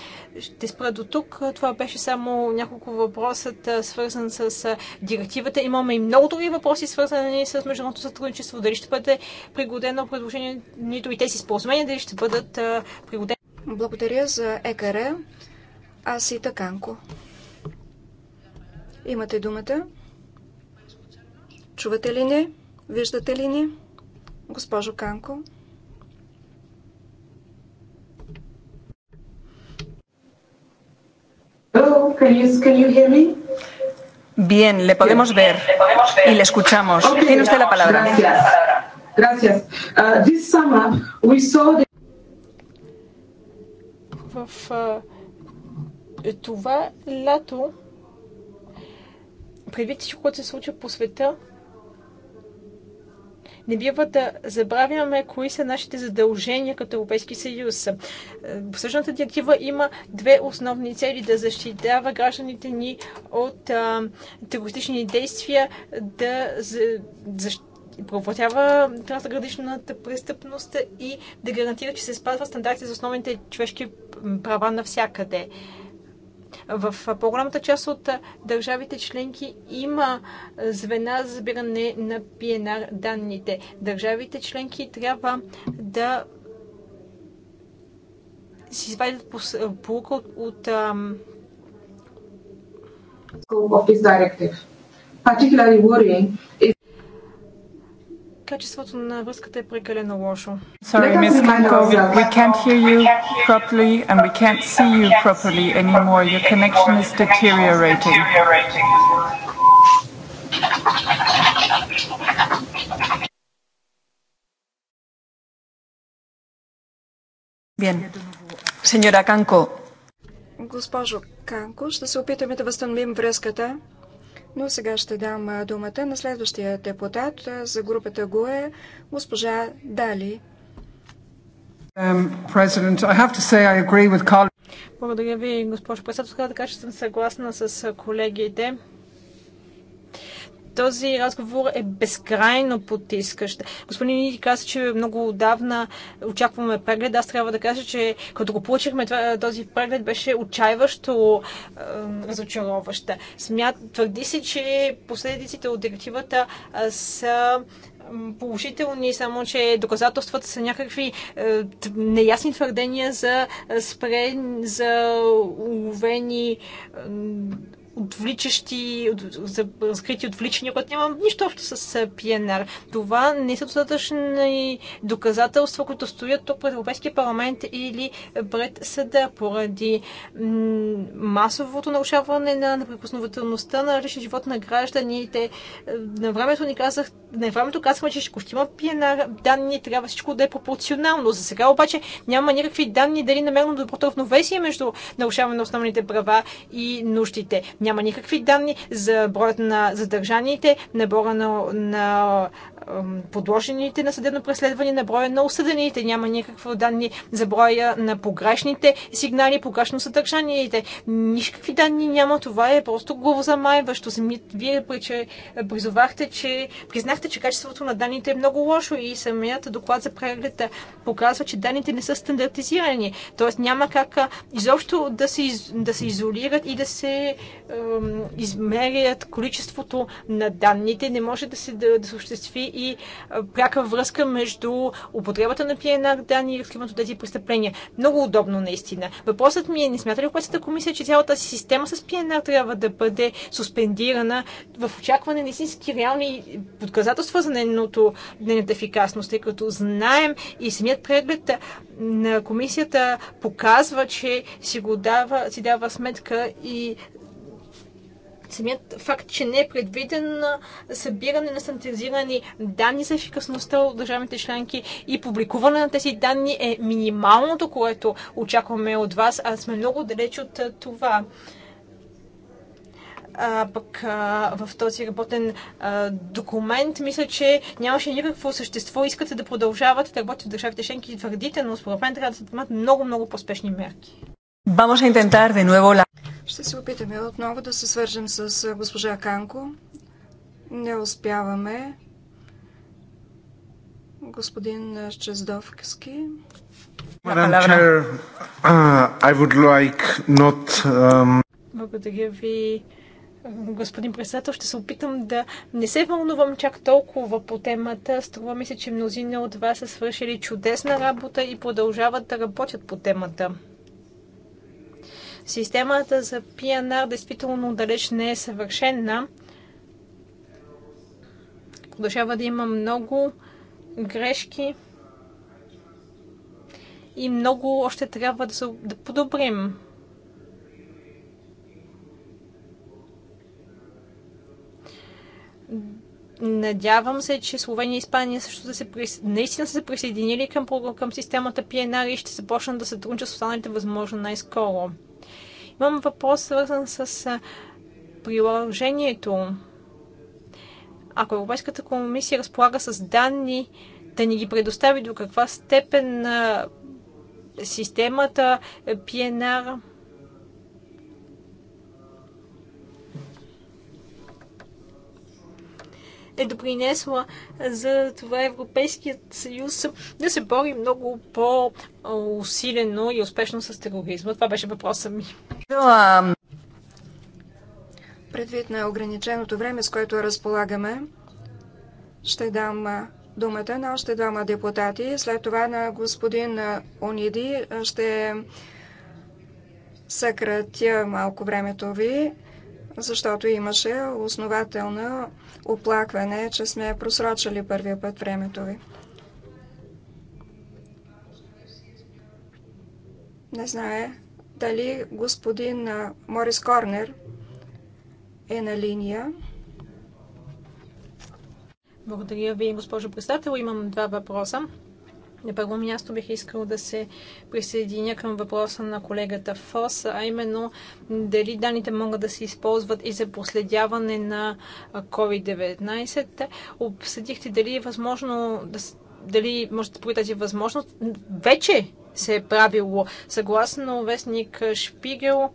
Speaker 3: Ще спра до тук. Това беше само няколко въпроса, свързан с директивата. Имаме и много други въпроси, свързани с международното сътрудничество. Дали ще бъде пригодено предложението и тези споразумения, дали ще бъдат пригодени. Благодаря за
Speaker 1: ЕКР. Аз и Таканко. Имате думата. Чувате ли ни? Виждате ли ни? Госпожо Канко. Bien, le podemos ver y le escuchamos. Okay, Tiene usted la palabra. Gracias. Gracias. Uh, this summer we saw the...
Speaker 3: В uh, това лято предвид всичко, което се случва по света, не бива да забравяме кои са нашите задължения като Европейски съюз. В е, същата директива има две основни цели да защитава гражданите ни от терористични действия, да защитава проплатява трансграничната престъпност и да гарантира, че се спазва стандарти за основните човешки права навсякъде. В по-голямата част от държавите членки има звена за забиране на PNR данните. Държавите членки трябва да си извадят полука от, от Of this directive.
Speaker 1: Particularly worrying is
Speaker 3: качеството на връзката е прекалено лошо. Sorry, Miss Kanko, we can't hear you
Speaker 1: properly and we can't see you properly anymore. Your connection is deteriorating. Bien. Señora Kanko. Госпожо Канко, ще се опитаме да възстановим връзката. Но сега ще дам думата на следващия депутат за групата ГУЕ, госпожа Дали.
Speaker 3: Благодаря ви, госпожо председател. Трябва да кажа, че съм съгласна с колегите този разговор е безкрайно потискащ. Господин Ники каза, че много отдавна очакваме преглед. Аз трябва да кажа, че като го получихме този преглед беше отчаиващо разочароваща. Смят, твърди се, че последиците от директивата са положителни, само че доказателствата са някакви е, неясни твърдения за, е, спре, за уловени е, отвличащи, за разкрити отвличания, което нямам нищо общо с ПНР. Това не са достатъчни доказателства, които стоят тук пред Европейския парламент или пред съда поради масовото нарушаване на неприкосновителността на личния живот на гражданите. На времето ни казах, на времето казахме, че ще има ПНР данни, трябва всичко да е пропорционално. За сега обаче няма никакви данни дали намерено доброто равновесие между нарушаване на основните права и нуждите. Няма никакви данни за броят на задържаните, набора на, на подложените на съдебно преследване, на броя на осъдените. Няма никакви данни за броя на погрешните сигнали, погрешно съдържаниите. Никакви данни няма. Това е просто главозамайващо. Вие че, призовахте, че признахте, че качеството на данните е много лошо и самият доклад за прегледа показва, че данните не са стандартизирани. Тоест няма как изобщо да се, да се изолират и да се измерят количеството на данните. Не може да се да, да се осъществи и пряка връзка между употребата на пиенар данни и разкриването тези престъпления. Много удобно, наистина. Въпросът ми е, не смята ли Европейската комисия, че цялата система с пиенар трябва да бъде суспендирана в очакване на истински реални подказателства за нейното, нейната ефикасност, тъй като знаем и самият преглед на комисията показва, че си, го дава, си дава сметка и Самият факт, че не е предвиден събиране на стандартизирани данни за ефикасността от държавните членки и публикуване на тези данни е минималното, което очакваме от вас, а сме много далеч от това а, пък а, в този работен а, документ, мисля, че нямаше никакво същество. Искате да продължавате да работите в държавите членки и твърдите, но според мен трябва да се вземат много, много по-спешни мерки.
Speaker 1: Vamos a intentar de nuevo la... Ще се опитаме отново да се свържем с госпожа Канко. Не успяваме. Господин Чездовски. Uh, um,
Speaker 3: Благодаря ви, господин председател. Ще се опитам да не се вълнувам чак толкова по темата. Струва ми се, че мнозина от вас са свършили чудесна работа и продължават да работят по темата. Системата за PNR действително далеч не е съвършена. Продължава да има много грешки и много още трябва да, да подобрим. Надявам се, че Словения и Испания също да се прис... наистина са се присъединили към, към системата PNR и ще започнат да сътрудничат с останалите възможно най-скоро. Имам въпрос, свързан с приложението. Ако Европейската комисия разполага с данни, да ни ги предостави до каква степен на системата PNR е допринесла за това Европейският съюз да се бори много по-усилено и успешно с тероризма. Това беше
Speaker 1: въпросът ми. Предвид на ограниченото време, с което разполагаме, ще дам думата на още двама депутати. След това на господин Ониди ще съкратя малко времето ви, защото имаше основателно оплакване, че сме просрочили първия път времето ви. Не знае дали господин Морис Корнер е на линия. Благодаря ви, госпожо председател. Имам два въпроса.
Speaker 3: На първо място бих искал да се присъединя към въпроса на колегата Фос, а именно дали данните могат да се използват и за последяване на COVID-19. Обсъдихте дали е възможно да дали можете да тази възможност. Вече се е правило. Съгласно вестник Шпигел,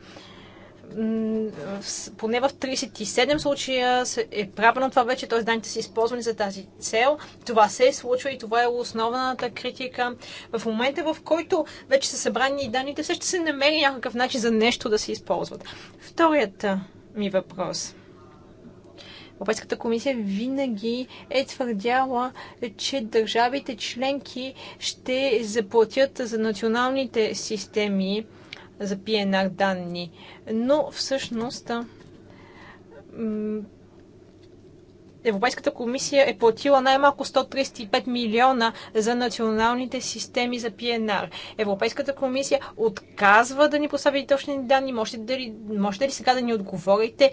Speaker 3: поне в 37 случая е правено това вече, т.е. данните са използвани за тази цел. Това се е случва и това е основната критика. В момента, в който вече са събрани и данните, все ще се намери някакъв начин за нещо да се използват. Вторият ми въпрос – Европейската комисия винаги е твърдяла, че държавите членки ще заплатят за националните системи за PNR данни. Но всъщност Европейската комисия е платила най-малко 135 милиона за националните системи за ПНР. Европейската комисия отказва да ни постави точни данни. Можете да ли, можете ли сега да ни отговорите?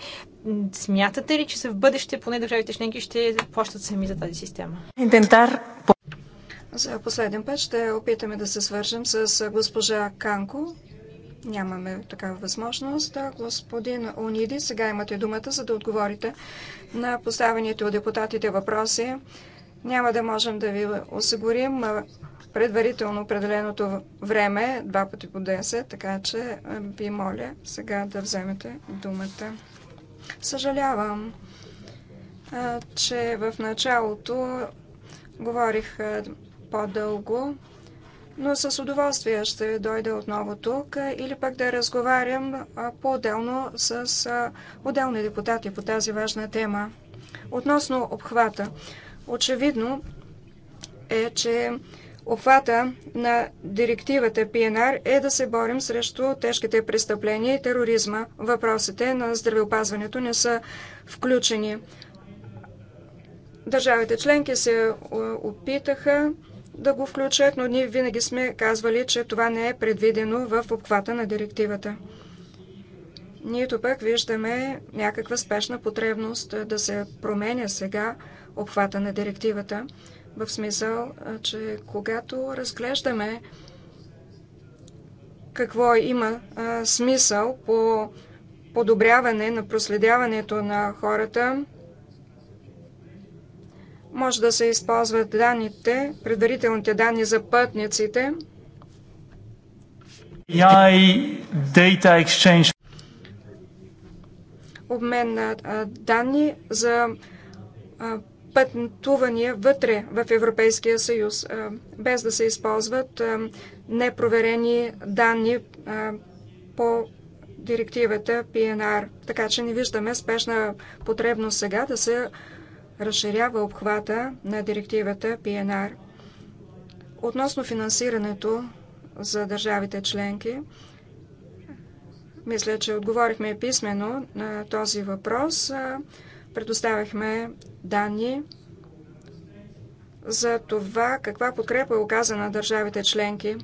Speaker 3: Смятате ли, че в бъдеще поне държавите членки ще плащат сами за тази система? Интентар. За
Speaker 1: последен път ще опитаме да се свържем с госпожа Канко, Нямаме такава възможност. Господин Униди, сега имате думата, за да отговорите на поставените от депутатите въпроси. Няма да можем да ви осигурим предварително определеното време, два пъти по 10, така че ви моля сега да вземете думата. Съжалявам, че в началото говорих по-дълго но с удоволствие ще дойда отново тук или пък да разговарям по-отделно с отделни депутати по тази важна тема. Относно обхвата. Очевидно е, че обхвата на директивата ПНР е да се борим срещу тежките престъпления и тероризма. Въпросите на здравеопазването не са включени. Държавите членки се опитаха да го включат, но ние винаги сме казвали, че това не е предвидено в обхвата на директивата. Нито пък виждаме някаква спешна потребност да се променя сега обхвата на директивата, в смисъл, че когато разглеждаме какво има смисъл по подобряване на проследяването на хората, може да се използват данните, предварителните данни за пътниците. Обмен на данни за пътувания вътре в Европейския съюз, без да се използват непроверени данни по директивата PNR. Така че не виждаме спешна потребност сега да се разширява обхвата на директивата PNR. Относно финансирането за държавите членки, мисля, че отговорихме писменно на този въпрос. Предоставихме данни за това каква подкрепа е оказана на държавите членки.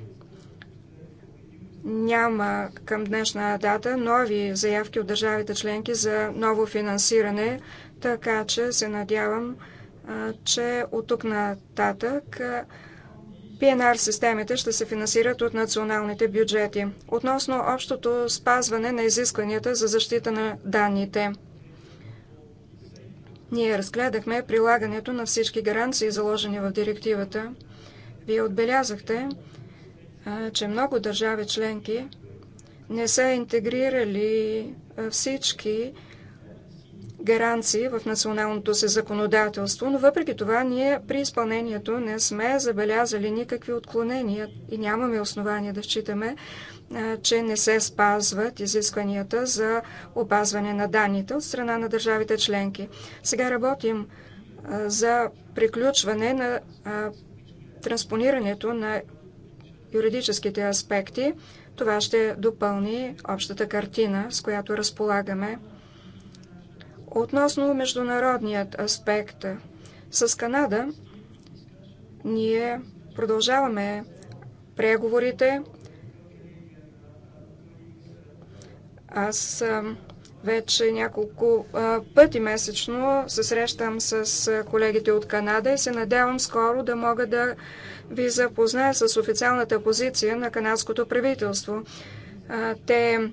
Speaker 1: Няма към днешна дата нови заявки от държавите членки за ново финансиране така че се надявам, че от тук нататък ПНР системите ще се финансират от националните бюджети. Относно общото спазване на изискванията за защита на данните. Ние разгледахме прилагането на всички гаранции, заложени в директивата. Вие отбелязахте, че много държави членки не са интегрирали всички гаранции в националното се законодателство, но въпреки това ние при изпълнението не сме забелязали никакви отклонения и нямаме основания да считаме, че не се спазват изискванията за опазване на данните от страна на държавите членки. Сега работим за приключване на транспонирането на юридическите аспекти. Това ще допълни общата картина, с която разполагаме Относно международният аспект, с Канада ние продължаваме преговорите. Аз вече няколко пъти месечно се срещам с колегите от Канада и се надявам скоро да мога да ви запозная с официалната позиция на канадското правителство. Те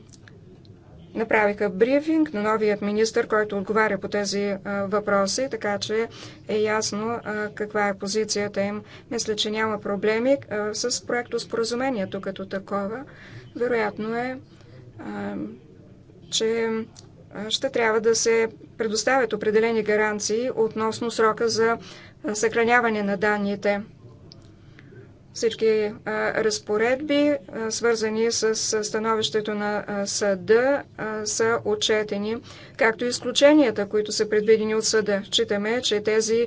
Speaker 1: направиха брифинг на новият министр, който отговаря по тези въпроси, така че е ясно каква е позицията им. Мисля, че няма проблеми с проекто споразумението като такова. Вероятно е, че ще трябва да се предоставят определени гаранции относно срока за съхраняване на данните всички разпоредби, свързани с становището на съда, са отчетени, както и изключенията, които са предвидени от съда. Читаме, че тези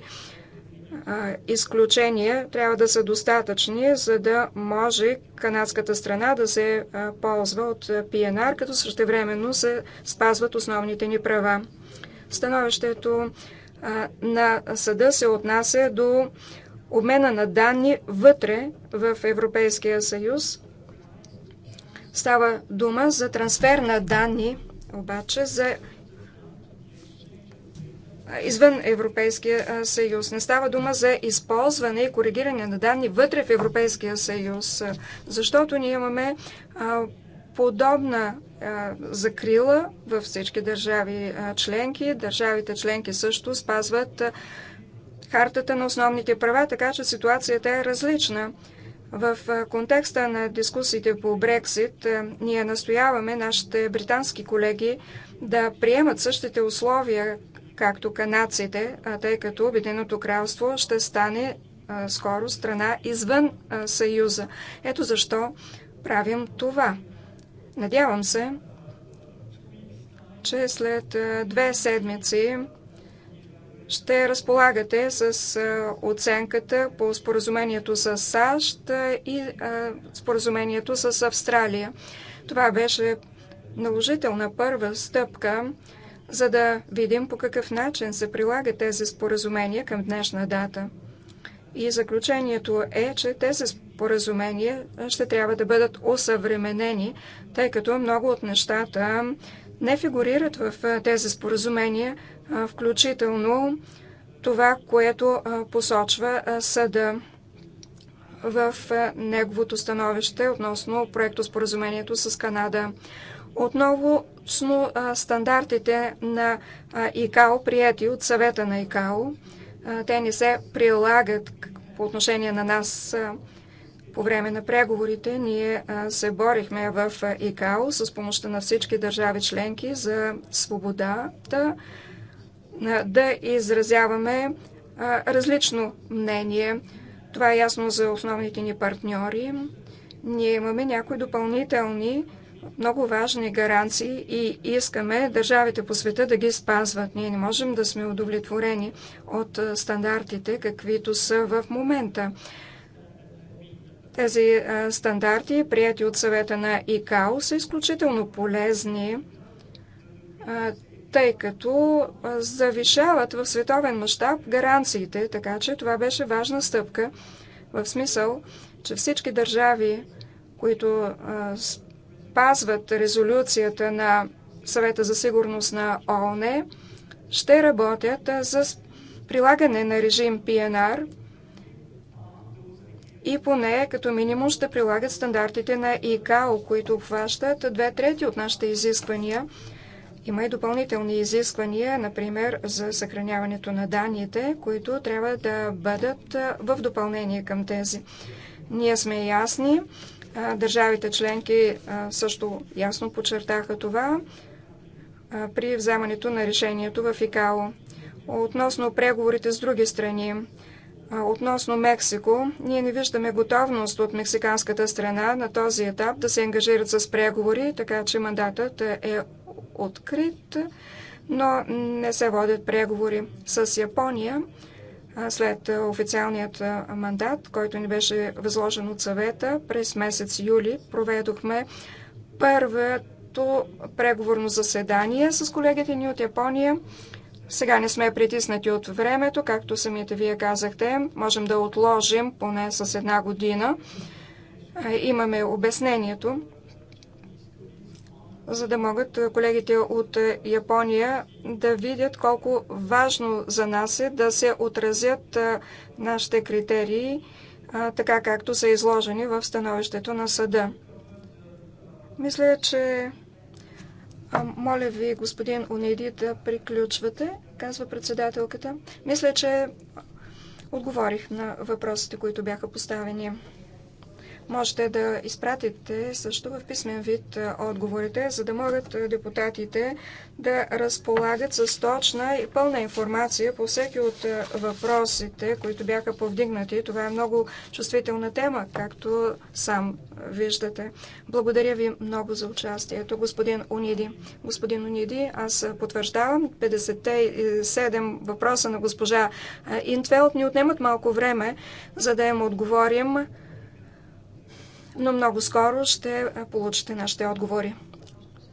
Speaker 1: изключения трябва да са достатъчни, за да може канадската страна да се ползва от ПНР, като същевременно се спазват основните ни права. Становището на съда се отнася до обмена на данни вътре в Европейския съюз. Става дума за трансфер на данни, обаче за извън Европейския съюз. Не става дума за използване и коригиране на данни вътре в Европейския съюз, защото ние имаме подобна закрила във всички държави членки. Държавите членки също спазват хартата на основните права, така че ситуацията е различна. В контекста на дискусиите по Брексит, ние настояваме нашите британски колеги да приемат същите условия, както канадците, тъй като Обединеното кралство ще стане скоро страна извън Съюза. Ето защо правим това. Надявам се, че след две седмици ще разполагате с оценката по споразумението с САЩ и споразумението с Австралия. Това беше наложителна първа стъпка, за да видим по какъв начин се прилагат тези споразумения към днешна дата. И заключението е, че тези споразумения ще трябва да бъдат осъвременени, тъй като много от нещата не фигурират в тези споразумения, включително това, което посочва съда в неговото становище относно проекто споразумението с Канада. Отново стандартите на ИКАО, прияти от съвета на ИКАО, те не се прилагат по отношение на нас по време на преговорите ние се борихме в ИКАО с помощта на всички държави членки за свободата да изразяваме различно мнение. Това е ясно за основните ни партньори. Ние имаме някои допълнителни много важни гаранции и искаме държавите по света да ги спазват. Ние не можем да сме удовлетворени от стандартите, каквито са в момента. Тези стандарти, прияти от съвета на ИКАО, са изключително полезни, тъй като завишават в световен мащаб гаранциите, така че това беше важна стъпка в смисъл, че всички държави, които спазват резолюцията на съвета за сигурност на ООН, ще работят за прилагане на режим ПНР и поне като минимум ще прилагат стандартите на ИКАО, които обхващат две трети от нашите изисквания. Има и допълнителни изисквания, например за съхраняването на данните, които трябва да бъдат в допълнение към тези. Ние сме ясни, държавите членки също ясно подчертаха това при вземането на решението в ИКАО. Относно преговорите с други страни, Относно Мексико, ние не виждаме готовност от мексиканската страна на този етап да се ангажират с преговори, така че мандатът е открит, но не се водят преговори с Япония след официалният мандат, който ни беше възложен от съвета през месец юли. Проведохме първото преговорно заседание с колегите ни от Япония сега не сме притиснати от времето, както самите вие казахте. Можем да отложим поне с една година. Имаме обяснението, за да могат колегите от Япония да видят колко важно за нас е да се отразят нашите критерии, така както са изложени в становището на съда. Мисля, че моля ви, господин Униди, да приключвате, казва председателката. Мисля, че отговорих на въпросите, които бяха поставени. Можете да изпратите също в писмен вид е, отговорите, за да могат е, депутатите да разполагат с точна и пълна информация по всеки от е, въпросите, които бяха повдигнати. Това е много чувствителна тема, както сам виждате. Благодаря ви много за участието, господин Униди. Господин Униди, аз потвърждавам 57 въпроса на госпожа Интвелт. Ни отнемат малко време, за да им отговорим но много скоро ще получите нашите отговори.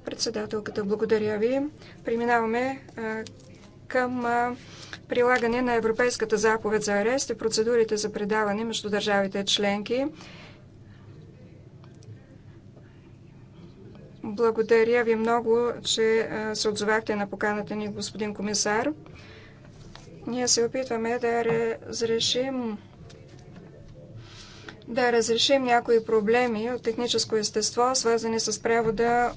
Speaker 1: Председателката, благодаря ви. Преминаваме към прилагане на Европейската заповед за арест и процедурите за предаване между държавите членки. Благодаря ви много, че се отзовахте на поканата ни, господин комисар. Ние се опитваме да разрешим да разрешим някои проблеми от техническо естество, свързани с превода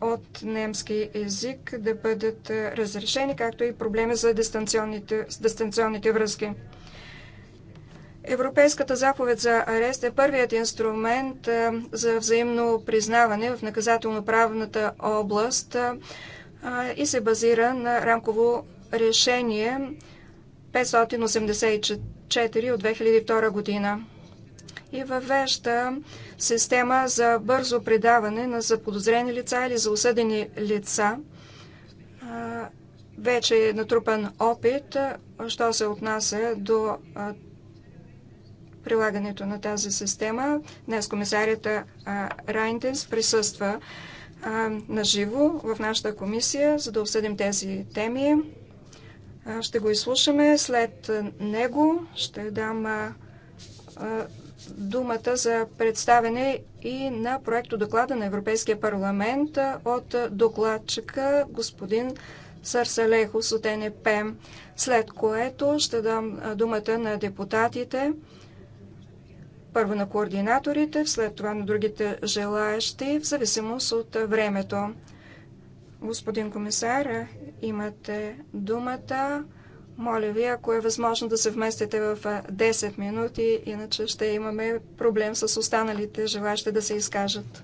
Speaker 1: от немски език, да бъдат разрешени, както и проблеми за дистанционните, с дистанционните връзки. Европейската заповед за арест е първият инструмент за взаимно признаване в наказателно-правната област и се базира на рамково решение 584 от 2002 година и въвежда система за бързо предаване на заподозрени лица или за осъдени лица. Вече е натрупан опит, що се отнася до прилагането на тази система. Днес комисарията Райнденс присъства на живо в нашата комисия, за да обсъдим тези теми. Ще го изслушаме. След него ще дам думата за представене и на проекто доклада на Европейския парламент от докладчика господин Сарсалехос от НП, след което ще дам думата на депутатите, първо на координаторите, след това на другите желаящи, в зависимост от времето. Господин комисар, имате думата. Моля ви, ако е възможно да се вместите в 10 минути, иначе ще имаме проблем с останалите желащи да се изкажат.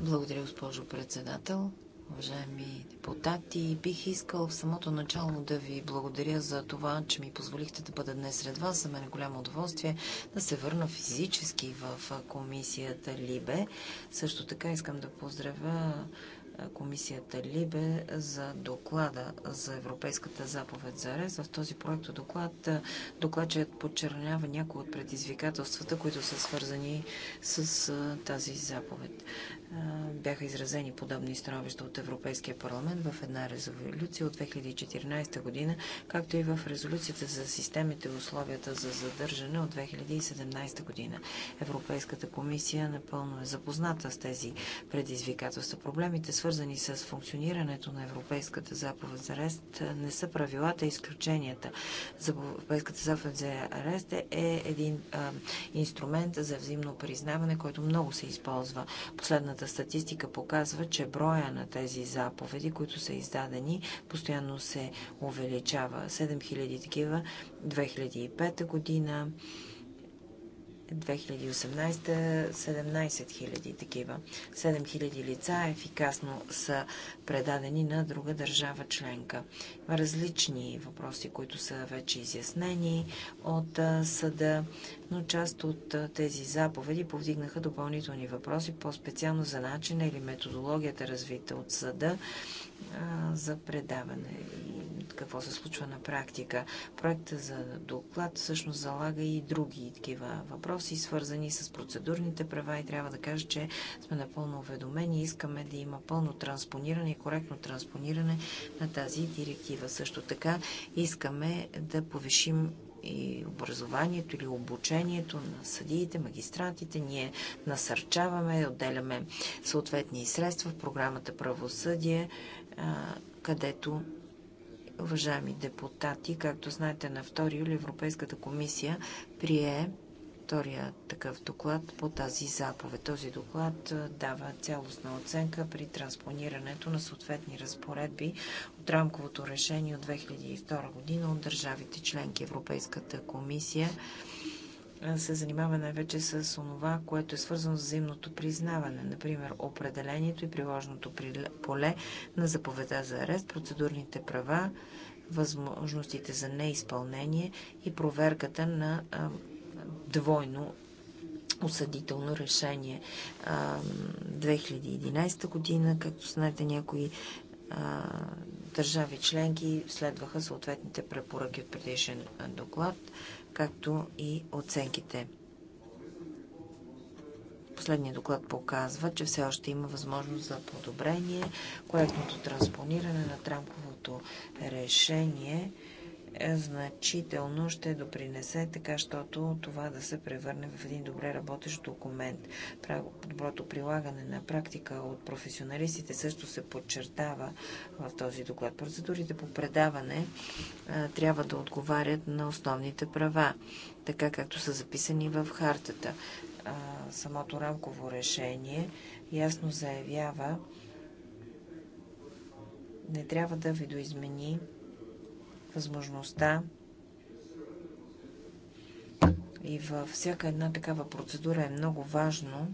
Speaker 2: Благодаря, госпожо председател. Уважаеми депутати, бих искал в самото начало да ви благодаря за това, че ми позволихте да бъда днес сред вас. За мен е голямо удоволствие да се върна физически в комисията Либе. Също така искам да поздравя комисията Либе за доклада за Европейската заповед за арест. В този проект доклад докладчият подчернява някои от предизвикателствата, които са свързани с тази заповед бяха изразени подобни становища от Европейския парламент в една резолюция от 2014 година, както и в резолюцията за системите и условията за задържане от 2017 година. Европейската комисия напълно е запозната с тези предизвикателства. Проблемите, свързани с функционирането на Европейската заповед за арест, не са правилата и изключенията. Европейската заповед за арест е един а, инструмент за взаимно признаване, който много се използва. Последната Последната статистика показва, че броя на тези заповеди, които са издадени, постоянно се увеличава. 7000 такива 2005 година, 2018 17 000 такива. 7 000 лица ефикасно са предадени на друга държава членка. различни въпроси, които са вече изяснени от съда, но част от тези заповеди повдигнаха допълнителни въпроси, по-специално за начина или методологията развита от съда за предаване и какво се случва на практика. Проекта за доклад всъщност залага и други такива въпроси, свързани с процедурните права и трябва да кажа, че сме напълно уведомени и искаме да има пълно транспониране и коректно транспониране на тази директива. Също така искаме да повишим и образованието или обучението на съдиите, магистратите. Ние насърчаваме, отделяме съответни средства в програмата Правосъдие, където Уважаеми депутати, както знаете, на 2 юли Европейската комисия прие втория такъв доклад по тази заповед. Този доклад дава цялостна оценка при транспонирането на съответни разпоредби от рамковото решение от 2002 година от държавите членки. Европейската комисия се занимава най-вече с това, което е свързано с взаимното признаване, например определението и приложното поле на заповеда за арест, процедурните права, възможностите за неизпълнение и проверката на двойно осъдително решение. 2011 година, както знаете, някои държави членки следваха съответните препоръки от предишен доклад както и оценките. Последният доклад показва, че все още има възможност за подобрение. Коректното транспониране на трамковото решение значително ще допринесе така, щото това да се превърне в един добре работещ документ. Доброто прилагане на практика от професионалистите също се подчертава в този доклад. Процедурите по предаване трябва да отговарят на основните права, така както са записани в хартата. самото рамково решение ясно заявява, не трябва да видоизмени възможността и във всяка една такава процедура е много важно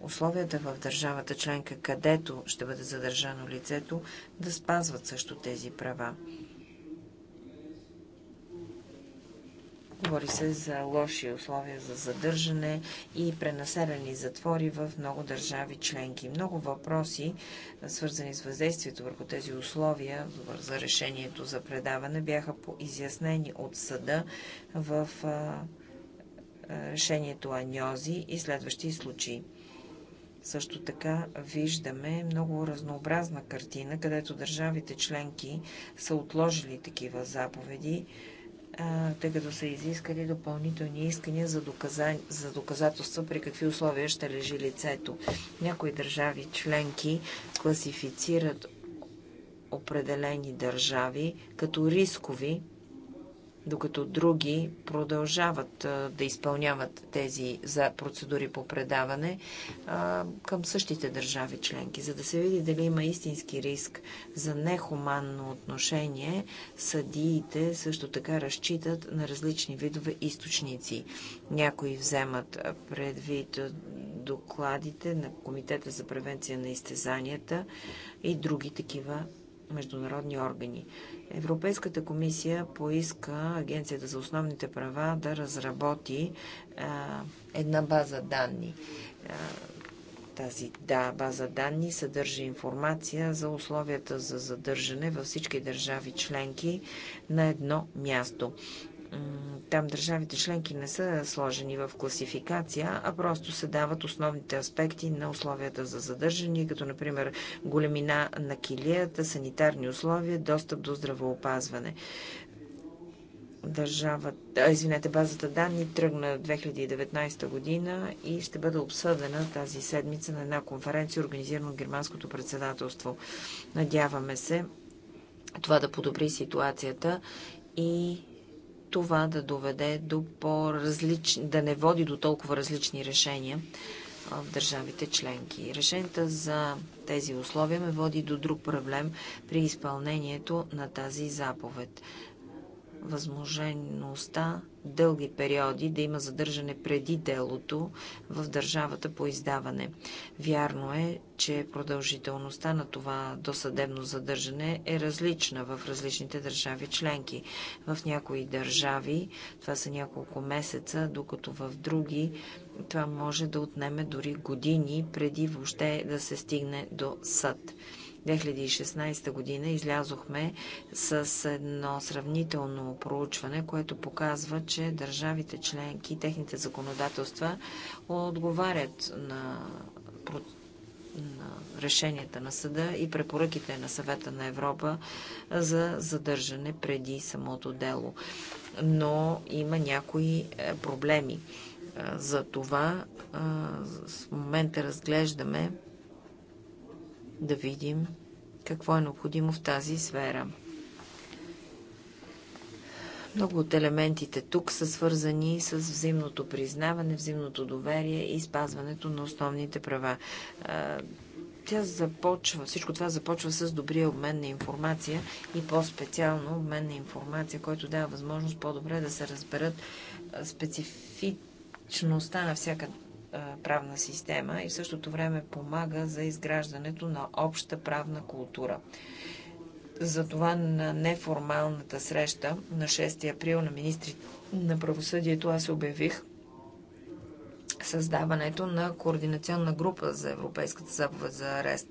Speaker 2: условията в държавата членка, където ще бъде задържано лицето, да спазват също тези права. Говори се за лоши условия за задържане и пренаселени затвори в много държави членки. Много въпроси, свързани с въздействието върху тези условия за решението за предаване, бяха изяснени от съда в решението Аньози и следващи случаи. Също така виждаме много разнообразна картина, където държавите членки са отложили такива заповеди, тъй като са изискали допълнителни искания за, доказа... за доказателства при какви условия ще лежи лицето. Някои държави членки класифицират определени държави като рискови докато други продължават да изпълняват тези за процедури по предаване към същите държави членки. За да се види дали има истински риск за нехуманно отношение, съдиите също така разчитат на различни видове източници. Някои вземат предвид докладите на Комитета за превенция на изтезанията и други такива международни органи. Европейската комисия поиска Агенцията за основните права да разработи а, една база данни. А, тази да, база данни съдържа информация за условията за задържане във всички държави членки на едно място там държавите членки не са сложени в класификация, а просто се дават основните аспекти на условията за задържане, като например големина на килията, санитарни условия, достъп до здравоопазване. Държавата, извинете, базата данни тръгна 2019 година и ще бъде обсъдена тази седмица на една конференция, организирана от Германското председателство. Надяваме се това да подобри ситуацията и това да доведе до по-различни, да не води до толкова различни решения в държавите членки. Решенията за тези условия ме води до друг проблем при изпълнението на тази заповед възможността дълги периоди да има задържане преди делото в държавата по издаване. Вярно е, че продължителността на това досъдебно задържане е различна в различните държави членки. В някои държави това са няколко месеца, докато в други това може да отнеме дори години преди въобще да се стигне до съд. 2016 година излязохме с едно сравнително проучване, което показва, че държавите членки, и техните законодателства отговарят на, на решенията на съда и препоръките на съвета на Европа за задържане преди самото дело. Но има някои е, проблеми. Е, за това в е, момента разглеждаме да видим какво е необходимо в тази сфера. Много от елементите тук са свързани с взаимното признаване, взаимното доверие и спазването на основните права. Тя започва, всичко това започва с добрия обмен на информация и по-специално обмен на информация, който дава възможност по-добре да се разберат специфичността на всяка правна система и в същото време помага за изграждането на обща правна култура. Затова на неформалната среща на 6 април на министрите на правосъдието аз обявих създаването на координационна група за Европейската заповед за арест.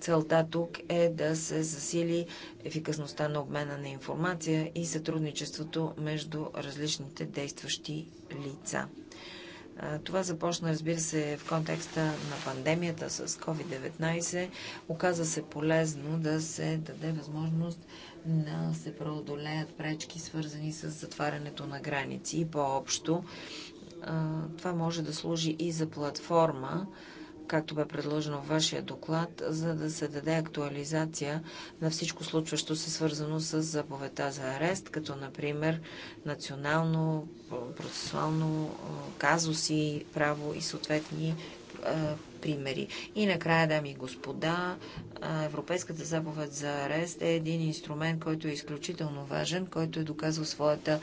Speaker 2: Целта тук е да се засили ефикасността на обмена на информация и сътрудничеството между различните действащи лица. Това започна, разбира се, в контекста на пандемията с COVID-19. Оказа се полезно да се даде възможност да се преодолеят пречки, свързани с затварянето на граници и по-общо. Това може да служи и за платформа, както бе предложено в вашия доклад, за да се даде актуализация на всичко случващо се свързано с заповедта за арест, като например национално, процесуално, казуси, право и съответни примери. И накрая, дами и господа, Европейската заповед за арест е един инструмент, който е изключително важен, който е доказал своята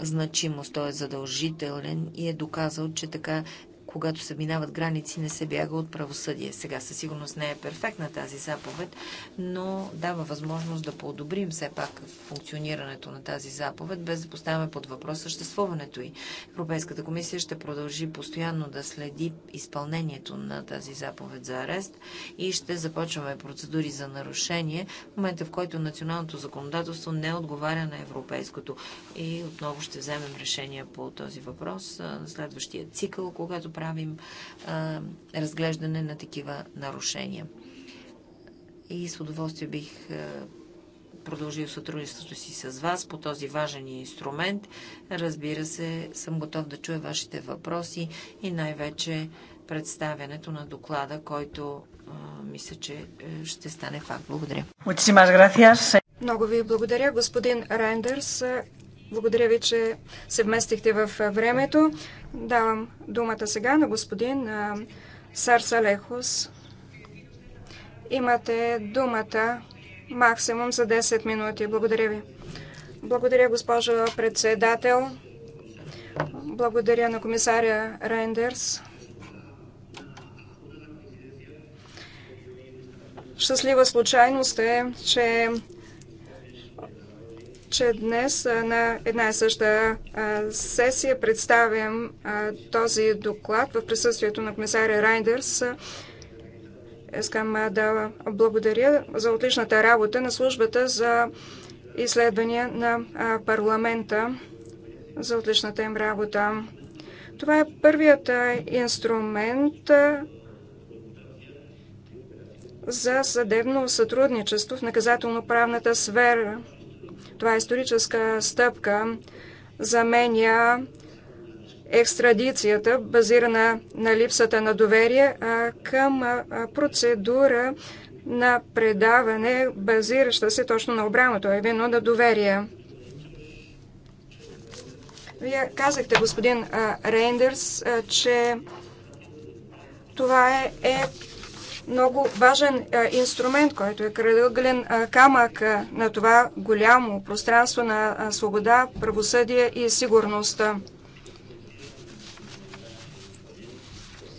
Speaker 2: значимост. Той е задължителен и е доказал, че така когато се минават граници, не се бяга от правосъдие. Сега със сигурност не е перфектна тази заповед, но дава възможност да подобрим все пак функционирането на тази заповед, без да поставяме под въпрос съществуването й. Европейската комисия ще продължи постоянно да следи изпълнението на тази заповед за арест и ще започваме процедури за нарушение в момента, в който националното законодателство не отговаря на европейското. И отново ще вземем решение по този въпрос на следващия цикъл, когато правим а, разглеждане на такива нарушения. И с удоволствие бих а, продължил сътрудничеството си с вас по този важен инструмент. Разбира се, съм готов да чуя вашите въпроси и най-вече представянето на доклада, който а, мисля, че е, ще стане факт. Благодаря.
Speaker 1: Много ви благодаря, господин Рендерс. Благодаря ви, че се вместихте в времето. Давам думата сега на господин Сарсалехос. Имате думата максимум за 10 минути. Благодаря ви. Благодаря, госпожо председател. Благодаря на комисаря Рендерс. Щастлива случайност е, че че днес на една и съща сесия представям този доклад в присъствието на комисаря Райндерс. Искам да благодаря за отличната работа на службата за изследвания на парламента, за отличната им работа. Това е първият инструмент за съдебно сътрудничество в наказателно-правната сфера – това е историческа стъпка. Заменя екстрадицията, базирана на липсата на доверие, към процедура на предаване, базираща се точно на обраното, а именно на доверие. Вие казахте, господин Рейндърс, че това е, е много важен е, инструмент, който е кръгълен е, камък е, на това голямо пространство на свобода, правосъдие и сигурност.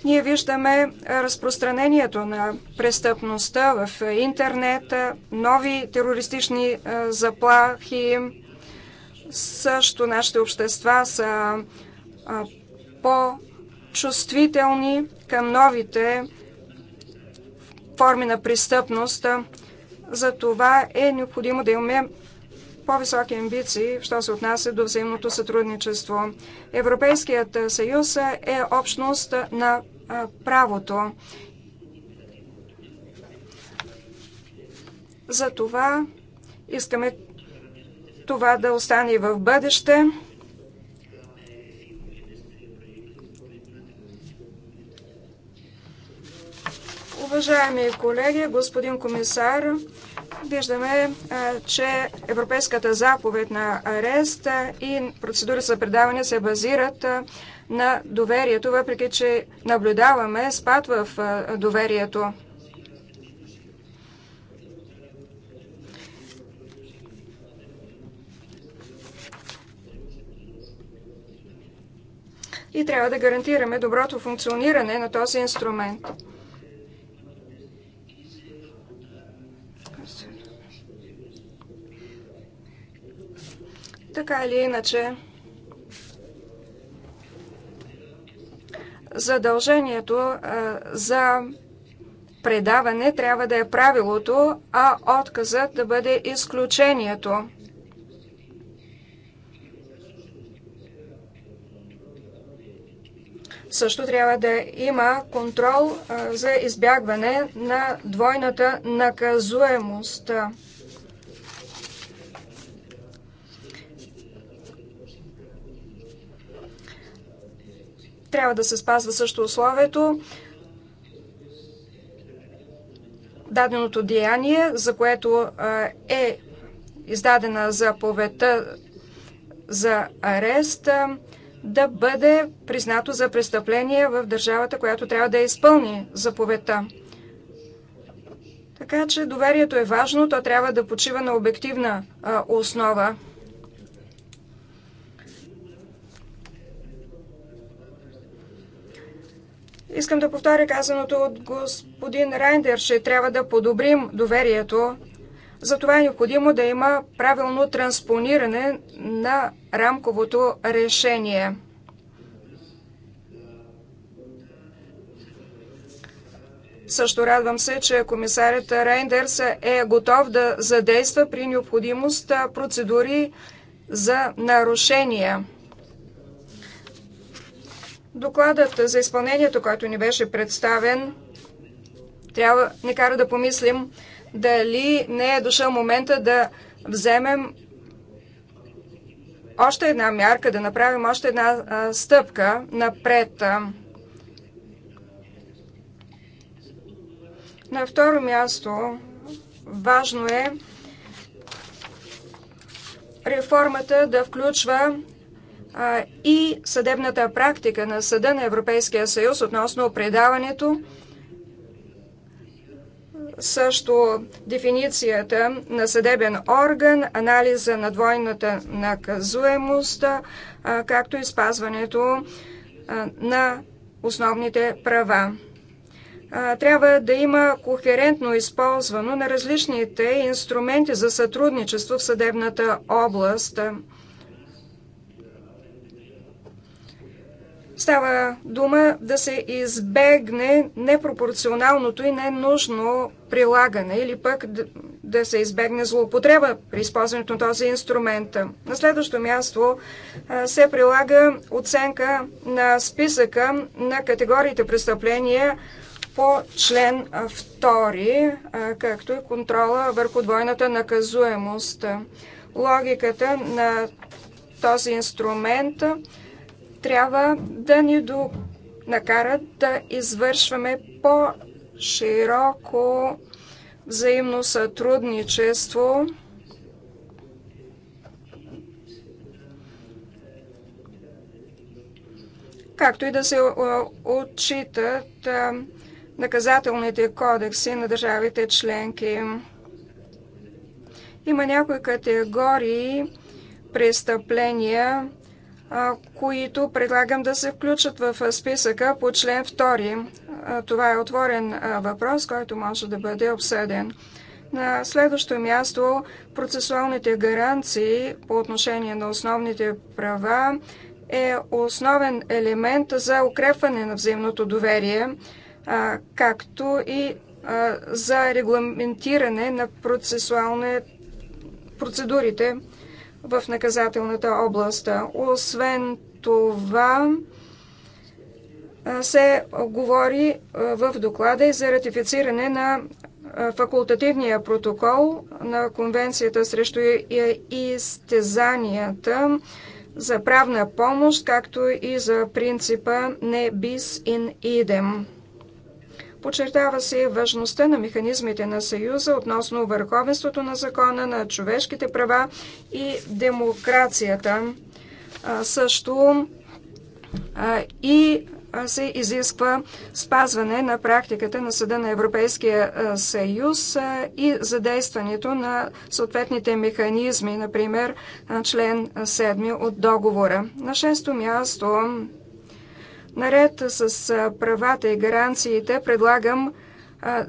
Speaker 1: Ние виждаме разпространението на престъпността в интернет, нови терористични заплахи. Също нашите общества са по-чувствителни към новите форми на престъпност. За това е необходимо да имаме по-високи амбиции, що се отнася до взаимното сътрудничество. Европейският съюз е общност на правото. За това искаме това да остане и в бъдеще. Уважаеми колеги, господин комисар, виждаме, че Европейската заповед на арест и процедура за предаване се базират на доверието, въпреки че наблюдаваме спад в доверието. и трябва да гарантираме доброто функциониране на този инструмент. Така или иначе, задължението за предаване трябва да е правилото, а отказът да бъде изключението. Също трябва да има контрол за избягване на двойната наказуемост. Трябва да се спазва също условието даденото деяние, за което е издадена заповедта за арест, да бъде признато за престъпление в държавата, която трябва да изпълни заповедта. Така че доверието е важно, то трябва да почива на обективна основа. Искам да повторя казаното от господин Райндер, че трябва да подобрим доверието. Затова е необходимо да има правилно транспониране на рамковото решение. Също радвам се, че комисарят Рейндерс е готов да задейства при необходимост процедури за нарушения. Докладът за изпълнението, който ни беше представен, трябва ни кара да помислим дали не е дошъл момента да вземем още една мярка, да направим още една а, стъпка напред. На второ място важно е реформата да включва и съдебната практика на Съда на Европейския съюз относно предаването, също дефиницията на съдебен орган, анализа на двойната наказуемост, както и спазването на основните права. Трябва да има кохерентно използвано на различните инструменти за сътрудничество в съдебната област – Става дума да се избегне непропорционалното и ненужно прилагане или пък да се избегне злоупотреба при използването на този инструмент. На следващо място се прилага оценка на списъка на категориите престъпления по член 2, както и контрола върху двойната наказуемост. Логиката на този инструмент е трябва да ни до... накарат да извършваме по-широко взаимно сътрудничество както и да се отчитат наказателните кодекси на държавите членки. Има някои категории престъпления, които предлагам да се включат в списъка по член 2. Това е отворен въпрос, който може да бъде обсъден. На следващо място процесуалните гаранции по отношение на основните права е основен елемент за укрепване на взаимното доверие, както и за регламентиране на процесуалните процедурите в наказателната област. Освен това, се говори в доклада и за ратифициране на факултативния протокол на Конвенцията срещу изтезанията за правна помощ, както и за принципа не bis in idem. Подчертава се важността на механизмите на Съюза относно върховенството на закона, на човешките права и демокрацията. Също и се изисква спазване на практиката на Съда на Европейския съюз и задействането на съответните механизми, например член 7 от договора. На шесто място Наред с правата и гаранциите предлагам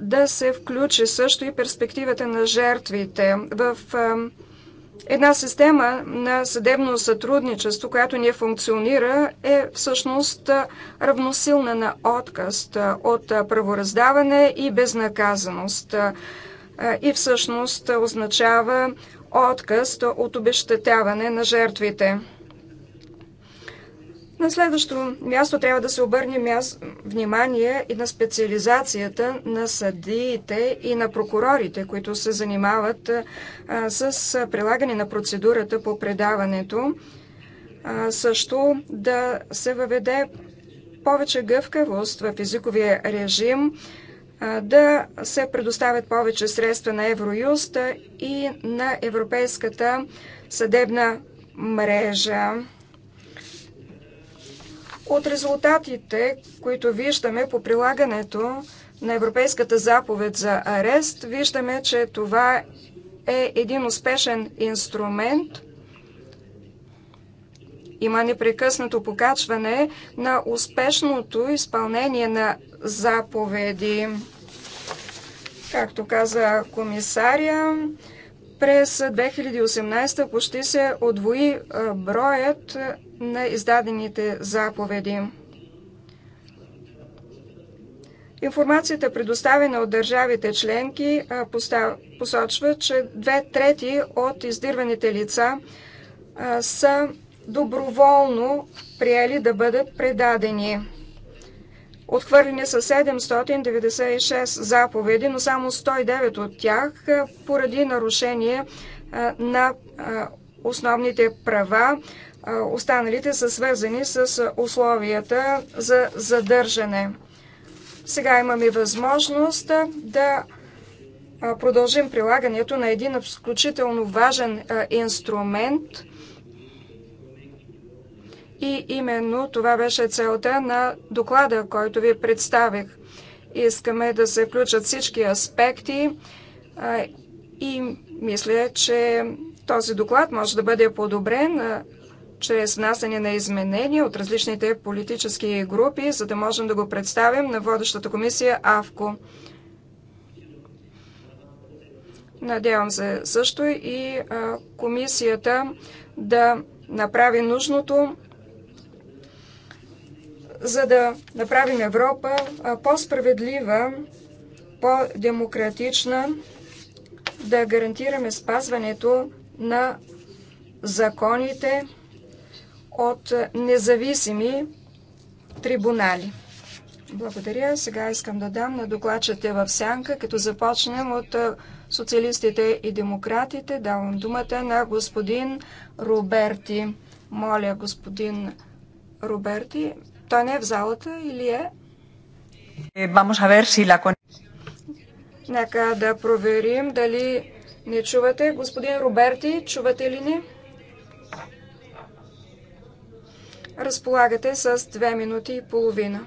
Speaker 1: да се включи също и перспективата на жертвите в една система на съдебно сътрудничество, която не функционира, е всъщност равносилна на отказ от правораздаване и безнаказаност. И всъщност означава отказ от обещетяване на жертвите. На следващо място трябва да се обърне внимание и на специализацията на съдиите и на прокурорите, които се занимават с прилагане на процедурата по предаването. също да се въведе повече гъвкавост в езиковия режим, да се предоставят повече средства на Евроюста и на Европейската съдебна мрежа от резултатите, които виждаме по прилагането на Европейската заповед за арест, виждаме, че това е един успешен инструмент. Има непрекъснато покачване на успешното изпълнение на заповеди. Както каза комисаря, през 2018 почти се отвои броят на издадените заповеди. Информацията, предоставена от държавите членки, посочва, че две трети от издирваните лица са доброволно приели да бъдат предадени. Отхвърлени са 796 заповеди, но само 109 от тях поради нарушение на основните права Останалите са свързани с условията за задържане. Сега имаме възможност да продължим прилагането на един изключително важен инструмент и именно това беше целта на доклада, който ви представих. Искаме да се включат всички аспекти и мисля, че този доклад може да бъде подобрен чрез внасяне на изменения от различните политически групи, за да можем да го представим на водещата комисия АВКО. Надявам се също и комисията да направи нужното, за да направим Европа по-справедлива, по-демократична, да гарантираме спазването на законите, от е, независими трибунали. Благодаря. Сега искам да дам на докладчите в сянка, като започнем от е, социалистите и демократите. Давам думата на господин Роберти. Моля, господин Роберти. Той не е в залата или е? е Нека да проверим дали не чувате. Господин Роберти, чувате ли ни? Разполагате с две минути и половина.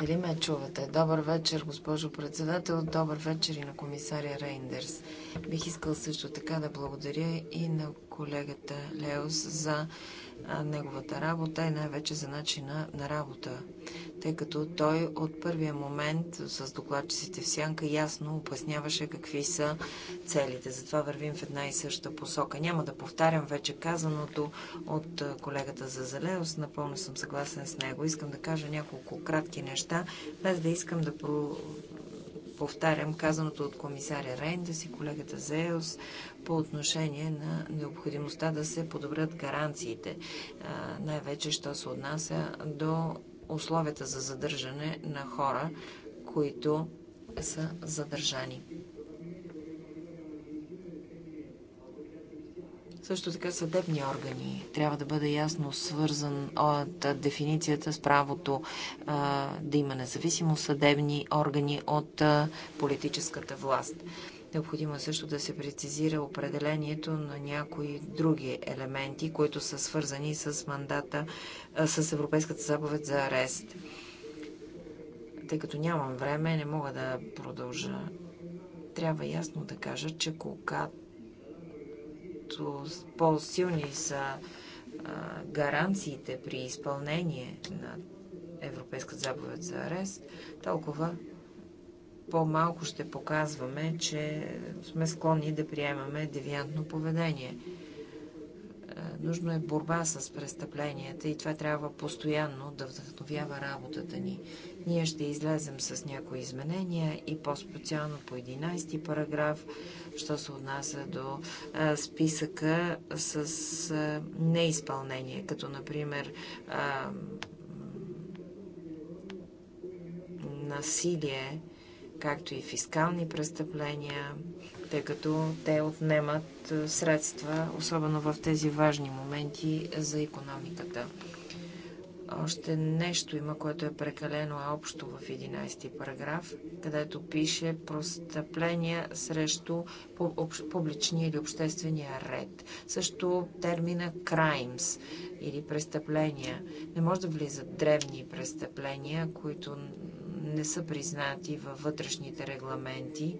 Speaker 2: Дали ме чувате? Добър вечер, госпожо председател. Добър вечер и на комисаря Рейндерс. Бих искал също така да благодаря и на колегата Леос за неговата работа и е най-вече за начина на работа, тъй като той от първия момент с докладчиците в Сянка ясно обясняваше какви са целите. Затова вървим в една и съща посока. Няма да повтарям вече казаното от колегата за Зелеос. Напълно съм съгласен с него. Искам да кажа няколко кратки неща, без да искам да повтарям казаното от комисаря Рейндес и колегата Зеос по отношение на необходимостта да се подобрят гаранциите, най-вече, що се отнася до условията за задържане на хора, които са задържани. Също така съдебни органи. Трябва да бъде ясно свързан от дефиницията с правото а, да има независимо съдебни органи от а, политическата власт. Необходимо е също да се прецизира определението на някои други елементи, които са свързани с мандата, с Европейската заповед за арест. Тъй като нямам време, не мога да продължа. Трябва ясно да кажа, че когато по-силни са гаранциите при изпълнение на Европейската заповед за арест, толкова по-малко ще показваме, че сме склонни да приемаме девиантно поведение. Е, нужно е борба с престъпленията и това трябва постоянно да вдъхновява работата ни. Ние ще излезем с някои изменения и по-специално по 11 параграф, що се отнася до е, списъка с е, неизпълнение, като например насилие както и фискални престъпления, тъй като те отнемат е, средства, особено в тези важни моменти за економиката. Още нещо има, което е прекалено общо в 11 ти параграф, където пише простъпления срещу публичния или обществения ред. Също термина crimes или престъпления. Не може да влизат древни престъпления, които не са признати във вътрешните регламенти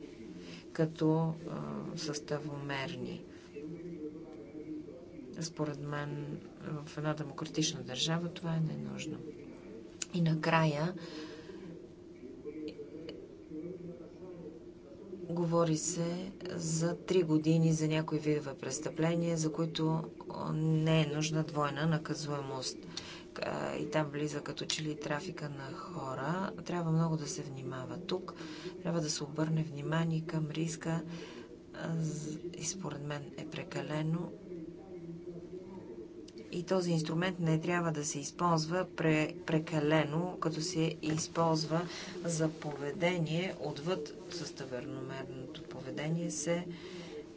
Speaker 2: като съставомерни. Според мен в една демократична държава това е ненужно. И накрая говори се за три години за някои видове престъпления, за които не е нужна двойна наказуемост и там влиза като че ли трафика на хора. Трябва много да се внимава тук. Трябва да се обърне внимание към риска и според мен е прекалено. И този инструмент не трябва да се използва прекалено, като се използва за поведение отвъд съставерномерното поведение се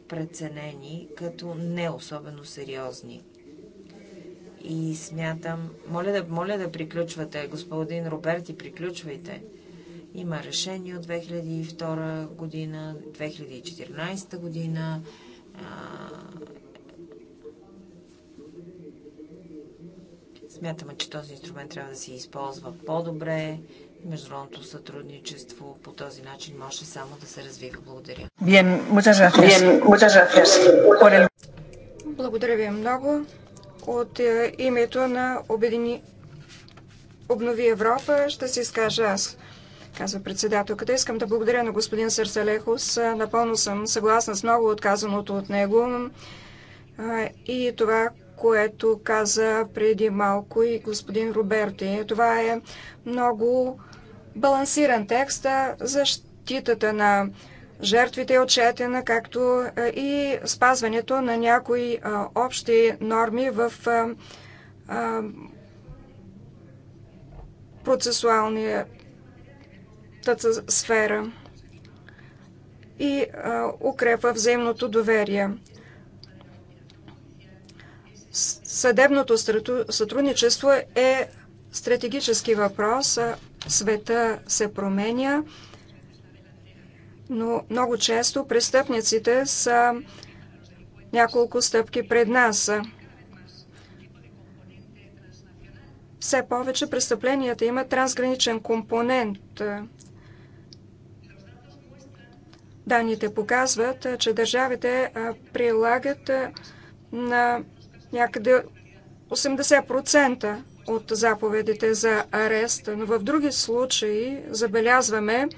Speaker 2: преценени като не особено сериозни и смятам... Моля да, моля да приключвате, господин Роберти, приключвайте. Има решение от 2002 година, 2014 година. Смятаме, че този инструмент трябва да се използва по-добре. Международното сътрудничество по този начин може само да се развива. Благодаря. Bien, muchas gracias. Bien,
Speaker 1: muchas gracias. Благодаря ви много. От е, името на Обедини... Обнови Европа ще се изкажа аз казва председателката. Искам да благодаря на господин Сърсалехос. Е, напълно съм съгласна с много отказаното от него е, и това, което каза преди малко и господин Роберти. Това е много балансиран текст. Защитата на жертвите е отчетена, както и спазването на някои общи норми в процесуалната сфера и укрепва взаимното доверие. Съдебното сътрудничество е стратегически въпрос. Света се променя но много често престъпниците са няколко стъпки пред нас. Все повече престъпленията имат трансграничен компонент. Данните показват, че държавите прилагат на някъде 80% от заповедите за арест, но в други случаи забелязваме,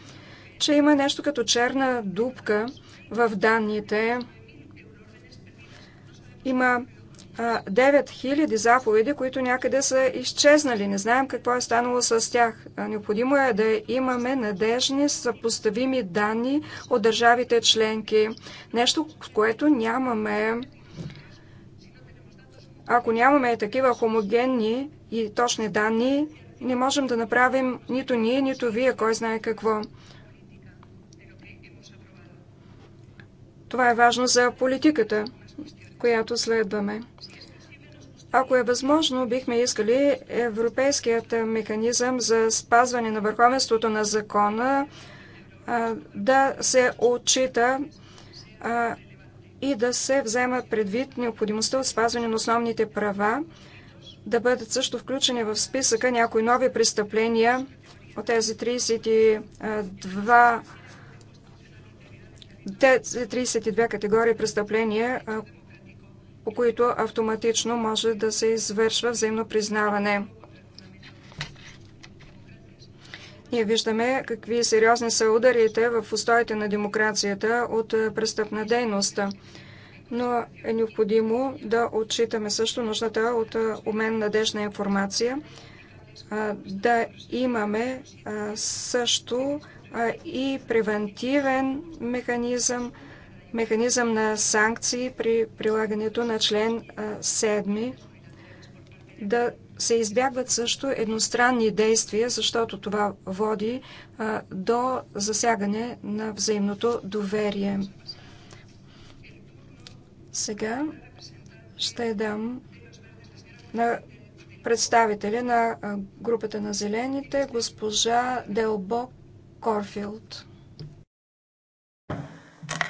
Speaker 1: че има нещо като черна дупка в данните. Има 9000 заповеди, които някъде са изчезнали. Не знаем какво е станало с тях. Необходимо е да имаме надежни, съпоставими данни от държавите членки. Нещо, което нямаме. Ако нямаме такива хомогенни и точни данни, не можем да направим нито ние, нито вие, кой знае какво. Това е важно за политиката, която следваме. Ако е възможно, бихме искали европейският механизъм за спазване на върховенството на закона да се отчита и да се взема предвид необходимостта от спазване на основните права, да бъдат също включени в списъка някои нови престъпления от тези 32 32 категории престъпления, по които автоматично може да се извършва взаимно признаване. Ние виждаме какви сериозни са ударите в устоите на демокрацията от престъпна дейност. Но е необходимо да отчитаме също нуждата от умен надежна информация, да имаме също и превентивен механизъм, механизъм на санкции при прилагането на член 7, да се избягват също едностранни действия, защото това води до засягане на взаимното доверие. Сега ще дам на представителя на групата на зелените, госпожа Делбок Корфилд.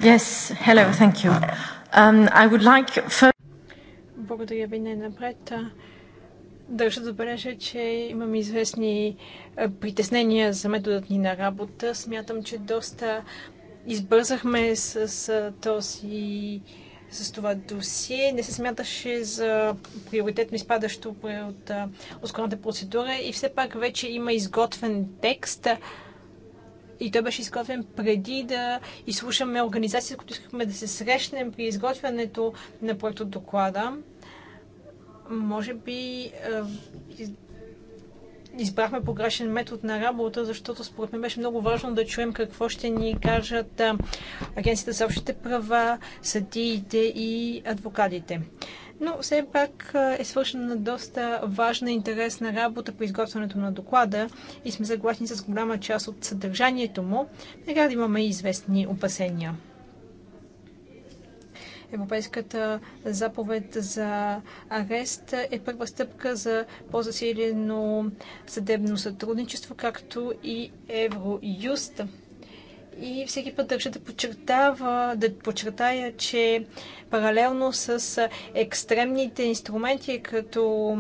Speaker 3: Yes, hello, thank you. Um, I would like for... Благодаря ви най-напред. Държа да забележа, че имам известни притеснения за методът ни на работа. Смятам, че доста избързахме с, с този с това досие. Не се смяташе за приоритетно изпадащо от ускорената процедура и все пак вече има изготвен текст и той беше изготвен преди да изслушаме организации, с които искахме да се срещнем при изготвянето на проекта доклада. Може би избрахме погрешен метод на работа, защото според мен беше много важно да чуем какво ще ни кажат Агенцията за общите права, съдиите и адвокатите но все пак е свършена доста важна и интересна работа по изготвянето на доклада и сме съгласни с голяма част от съдържанието му, нега да имаме известни опасения. Европейската заповед за арест е първа стъпка за по-засилено съдебно сътрудничество, както и Евроюст. И всеки път държа да подчертава, да подчертая, че паралелно с екстремните инструменти, като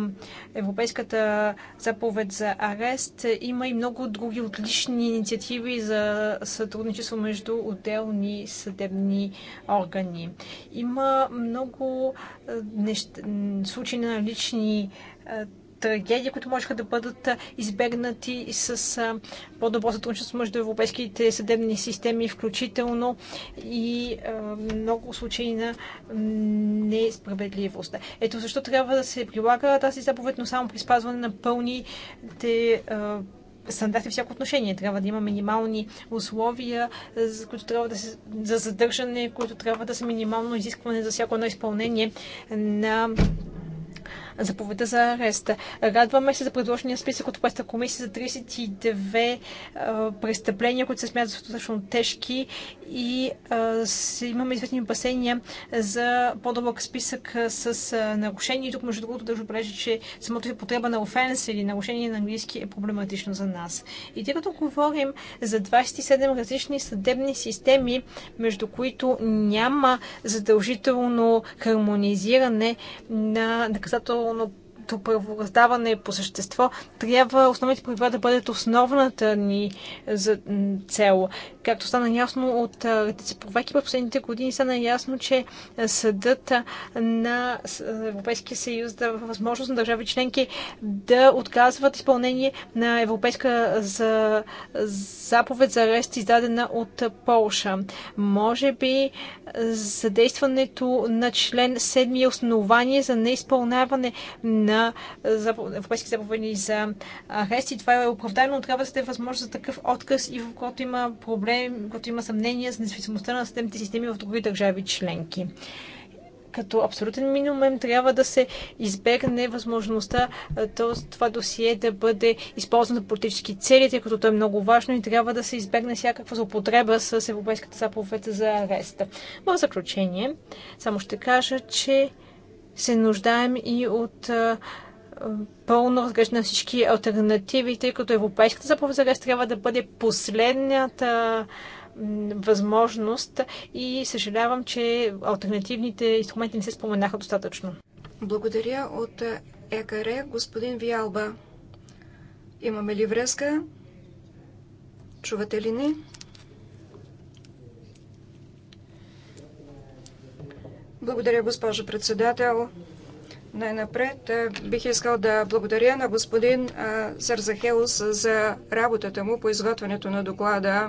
Speaker 3: Европейската заповед за арест, има и много други отлични инициативи за сътрудничество между отделни съдебни органи. Има много случаи на лични трагедии, които можеха да бъдат избегнати с по-добро сътрудничество между европейските съдебни системи, включително и много случаи на несправедливост. Ето защо трябва да се прилага тази заповед, но само при спазване на пълните стандарти всяко отношение. Трябва да има минимални условия, за, които трябва да се, за задържане, които трябва да са минимално изискване за всяко едно изпълнение на заповеда за арест. Радваме се за предложения списък от Преста комисия за 32 престъпления, които се смятат за достатъчно тежки и имаме известни опасения за по-дълъг списък с а, нарушения. И тук, между другото, държа отбележа, че самото потреба на офенс или нарушение на английски е проблематично за нас. И тъй като говорим за 27 различни съдебни системи, между които няма задължително хармонизиране на наказателно напълно като правораздаване по същество, трябва основните правила да бъдат основната ни е, за цел. Както стана ясно от е, редица проверки в последните години, стана ясно, че е, съдът на Европейския съюз да възможност на държави членки да отказват изпълнение на европейска за... заповед за арест, издадена от Полша. Може би задействането на член 7 е основание за неизпълняване на на европейски заповеди за арести. Това е оправдано, трябва да сте възможност за такъв отказ и в който има проблем, който има съмнение за независимостта на съдебните системи в други държави членки като абсолютен минимум трябва да се избегне възможността това досие да бъде използвано за политически цели, тъй като то е много важно и трябва да се избегне всякаква злоупотреба с Европейската заповед за ареста. В заключение, само ще кажа, че се нуждаем и от пълно разглеждане на всички альтернативи, тъй като Европейската заповед за арест трябва да бъде последната възможност и съжалявам, че альтернативните инструменти не се споменаха достатъчно.
Speaker 1: Благодаря от ЕКР, господин Виалба. Имаме ли връзка? Чувате ли ни? Благодаря, госпожо председател. Най-напред е, бих искал да благодаря на господин е, Сарзахелос за работата му по изготвянето на доклада.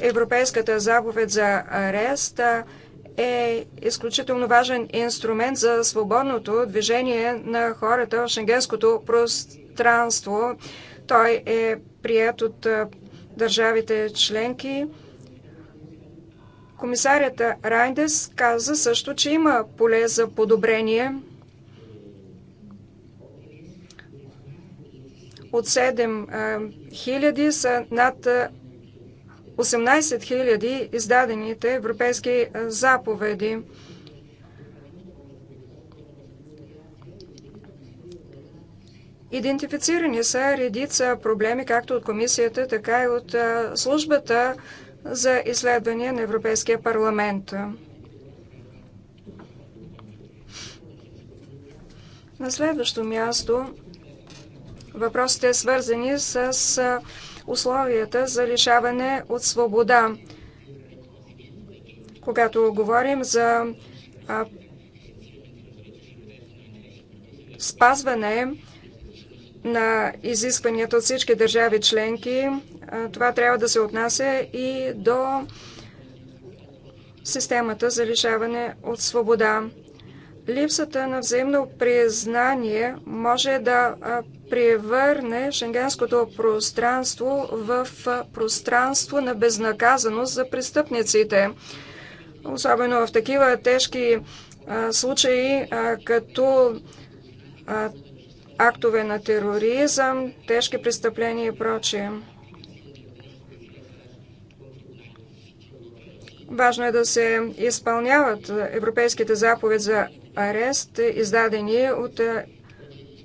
Speaker 1: Европейската заповед за арест е, е изключително важен инструмент за свободното движение на хората в шенгенското пространство. Той е прият от държавите членки Комисарята Райндес каза също, че има поле за подобрение от 7000 са над 18 000 издадените европейски заповеди. Идентифицирани са редица проблеми както от комисията, така и от службата за изследвания на Европейския парламент. На следващо място въпросите свързани с условията за лишаване от свобода. Когато говорим за спазване на изискванията от всички държави членки това трябва да се отнася и до системата за лишаване от свобода. Липсата на взаимно признание може да превърне шенгенското пространство в пространство на безнаказаност за престъпниците. Особено в такива тежки случаи, като актове на тероризъм, тежки престъпления и прочие. Важно е да се изпълняват европейските заповед за арест, издадени от е,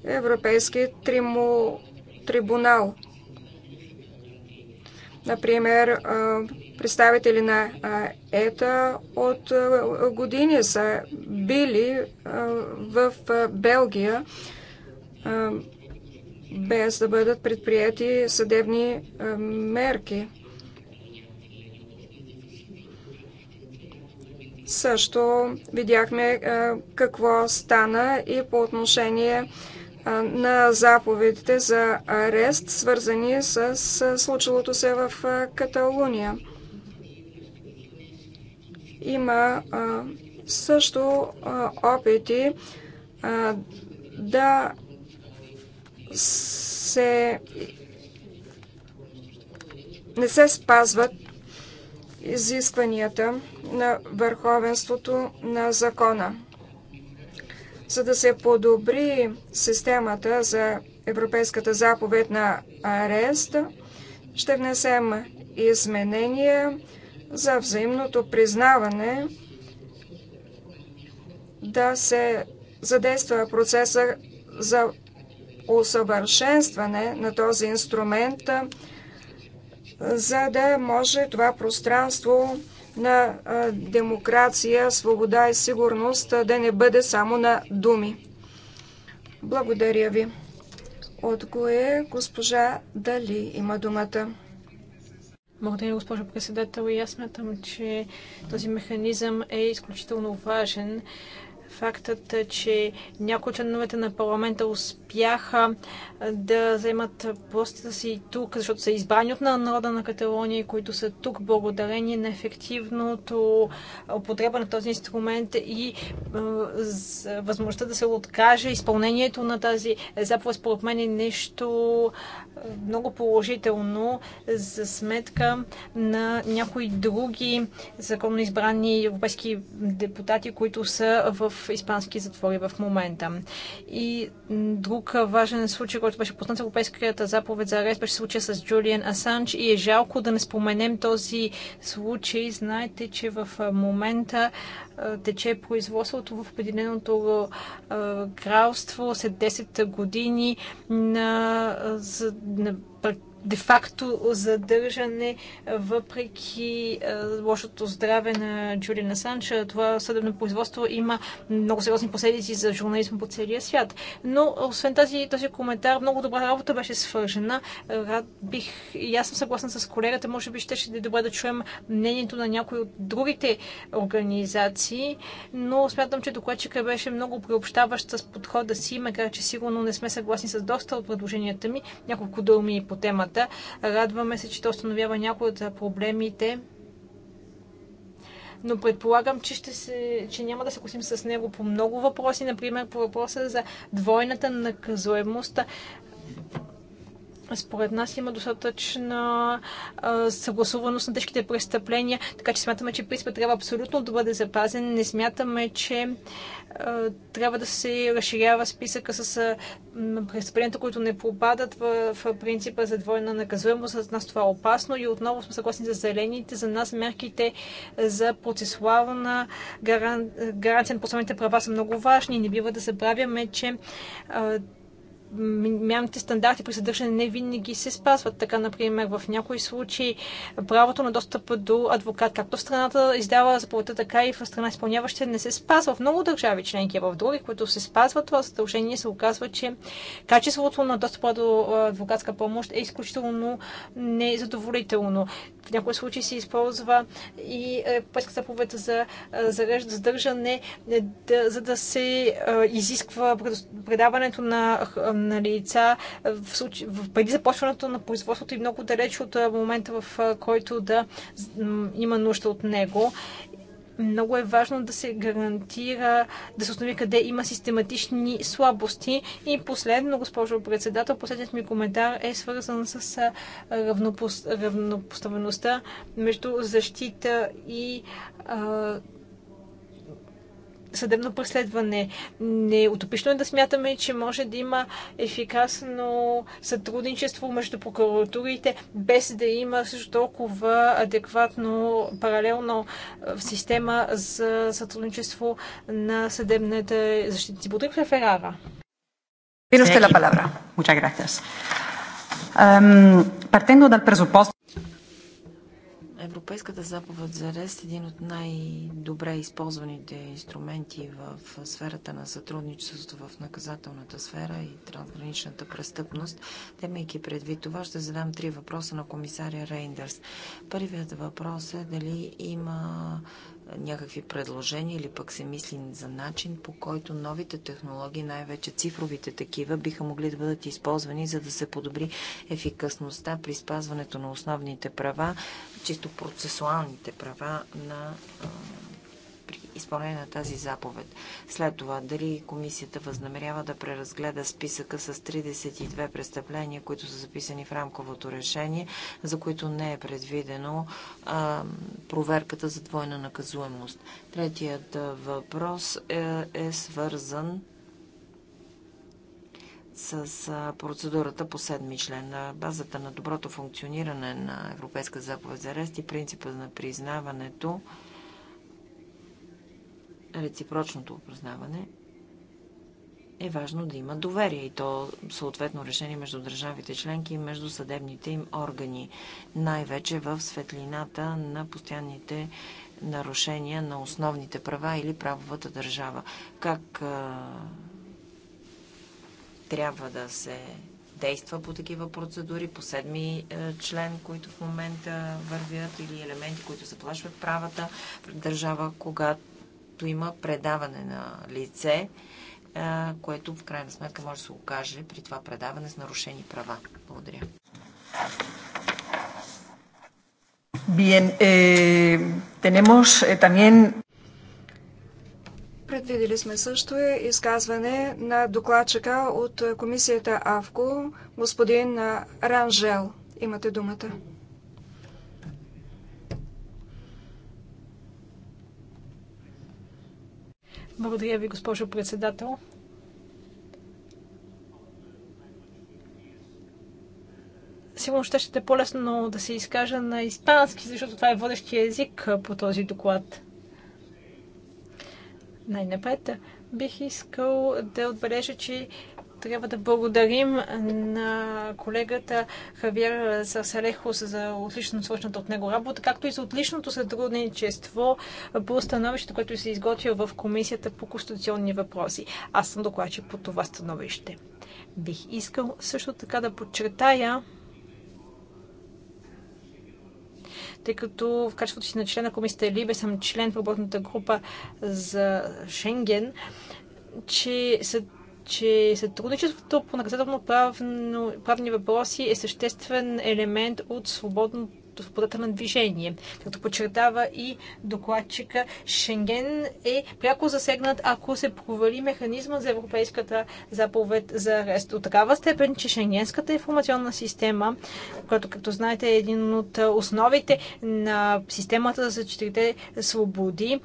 Speaker 1: Европейски трибунал. Например, е, представители на е, ЕТА от години са били в Белгия без да бъдат предприяти съдебни мерки. Също видяхме е, какво стана и по отношение е, на заповедите за арест, свързани с случилото се в е, Каталуния. Има също опити да се не се спазват изискванията на върховенството на закона. За да се подобри системата за Европейската заповед на арест, ще внесем изменения за взаимното признаване да се задейства процеса за усъвършенстване на този инструмент – за да може това пространство на демокрация, свобода и сигурност да не бъде само на думи. Благодаря ви. От кое госпожа Дали има думата?
Speaker 3: Благодаря, госпожо председател. И аз смятам, че този механизъм е изключително важен фактът, че някои членовете на парламента успяха да вземат постата си тук, защото са избрани от народа на Каталония, които са тук благодарение на ефективното употреба на този инструмент и възможността да се откаже изпълнението на тази заповед, според мен е нещо много положително за сметка на някои други законно избрани европейски депутати, които са в испански затвори в момента. И друг важен случай, който беше познат Европейската заповед за арест, беше случая с Джулиан Асанч и е жалко да не споменем този случай. Знаете, че в момента тече производството в Обединеното кралство след 10 години на, на де-факто задържане, въпреки е, лошото здраве на Джулина Санча, Това съдебно производство има много сериозни последици за журнализма по целия свят. Но, освен тази, този коментар, много добра работа беше свържена. Рад бих, и аз съм съгласна с колегата, може би ще ще е добре да чуем мнението на някои от другите организации, но смятам, че докладчика беше много приобщаващ с подхода си, макар че сигурно не сме съгласни с доста от предложенията ми. Няколко думи по темата света. Радваме се, че то установява някои от проблемите но предполагам, че, ще се, че няма да се косим с него по много въпроси, например по въпроса за двойната наказуемост. Според нас има достатъчна а, съгласуваност на тежките престъпления, така че смятаме, че принципът трябва абсолютно да бъде запазен. Не смятаме, че а, е, трябва да се разширява списъка с е, престъпленията, които не попадат в принципа за двойна наказуемост. За нас това е опасно и отново сме съгласни за зелените. За нас мерките за процесуална гаранция на основните права са много важни. Не бива да забравяме, че е, минималните стандарти при съдържане не винаги се спазват. Така, например, в някои случаи правото на достъп до адвокат, както в страната издава заповедта, така и в страна изпълняваща, не се спазва. В много държави членки, в други, които се спазват това задължение, се оказва, че качеството на достъпа до адвокатска помощ е изключително незадоволително. В някои случаи се използва и Европейска заповед за задържане, е, за да се изисква предаването на нали, лица в случ... в... преди започването на производството и много далеч от момента, в който да има нужда от него много е важно да се гарантира, да се установи къде има систематични слабости. И последно, госпожо председател, последният ми коментар е свързан с равнопос... равнопоставеността между защита и а, съдебно преследване. Не утопично е да смятаме, че може да има ефикасно сътрудничество между прокуратурите, без да има също толкова адекватно паралелно система за сътрудничество на съдебната защита. Благодаря, Ферара.
Speaker 1: Tiene usted la palabra. Muchas gracias. Um, partiendo dal
Speaker 2: Европейската заповед за арест е един от най-добре използваните инструменти в сферата на сътрудничеството в наказателната сфера и трансграничната престъпност. Темайки предвид това, ще задам три въпроса на комисаря Рейндърс. Първият въпрос е дали има някакви предложения или пък се мисли за начин, по който новите технологии, най-вече цифровите такива, биха могли да бъдат използвани, за да се подобри ефикасността при спазването на основните права, чисто процесуалните права на изпълнение на тази заповед. След това, дали комисията възнамерява да преразгледа списъка с 32 престъпления, които са записани в рамковото решение, за които не е предвидено а, проверката за двойна наказуемост. Третият въпрос е, е свързан с процедурата по седми член. На базата на доброто функциониране на Европейска заповед за арест и принципа на признаването реципрочното опознаване, е важно да има доверие и то съответно решение между държавите членки и между съдебните им органи, най-вече в светлината на постоянните нарушения на основните права или правовата държава. Как а, трябва да се действа по такива процедури, по седми е, член, които в момента вървят или елементи, които заплашват правата държава, когато като има предаване на лице, което в крайна сметка може да се окаже при това предаване с нарушени права. Благодаря.
Speaker 1: Bien, eh, tenemos eh, también... Предвидели сме също изказване на докладчика от комисията АВКО, господин Ранжел. Имате думата.
Speaker 3: Благодаря ви, госпожо председател. Сигурно ще ще е по-лесно да се изкажа на испански, защото това е водещия език по този доклад. Най-напред бих искал да отбележа, че трябва да благодарим на колегата Хавиер Сарселехос за отлично свършната от него работа, както и за отличното сътрудничество по становището, което се изготвя в Комисията по конституционни въпроси. Аз съм докладчик по това становище. Бих искал също така да подчертая, тъй като в качеството си на член на комисията Либе съм член в работната група за Шенген, че след че сътрудничеството по наказателно-правни въпроси е съществен елемент от свободното до свободата на движение. Като подчертава и докладчика, Шенген е пряко засегнат, ако се провали механизма за Европейската заповед за арест. От такава степен, че Шенгенската информационна система, която, както знаете, е един от основите на системата за четирите свободи,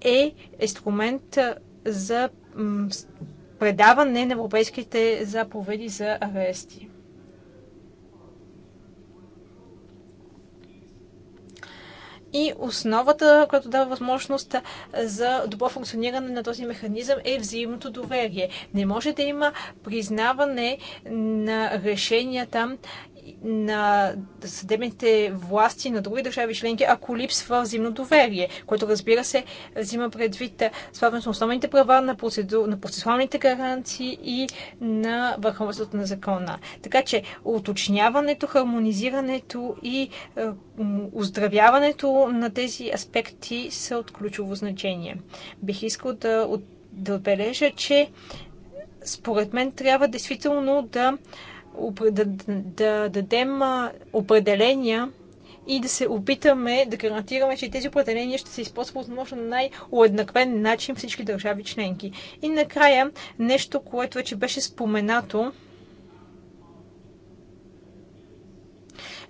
Speaker 3: е инструмент за предаване на европейските заповеди за арести. И основата, която дава възможност за добро функциониране на този механизъм е взаимното доверие. Не може да има признаване на решенията на съдебните власти на други държави членки, ако липсва взаимно доверие, което разбира се взима предвид спазването на основните права, на, процеду... на процесуалните гаранции и на върховенството на закона. Така че уточняването, хармонизирането и е, оздравяването на тези аспекти са от ключово значение. Бих искал да, да отбележа, че според мен трябва действително да да, да дадем определения и да се опитаме да гарантираме, че тези определения ще се използват възможно на най-уеднаквен начин всички държави членки. И накрая нещо, което вече беше споменато.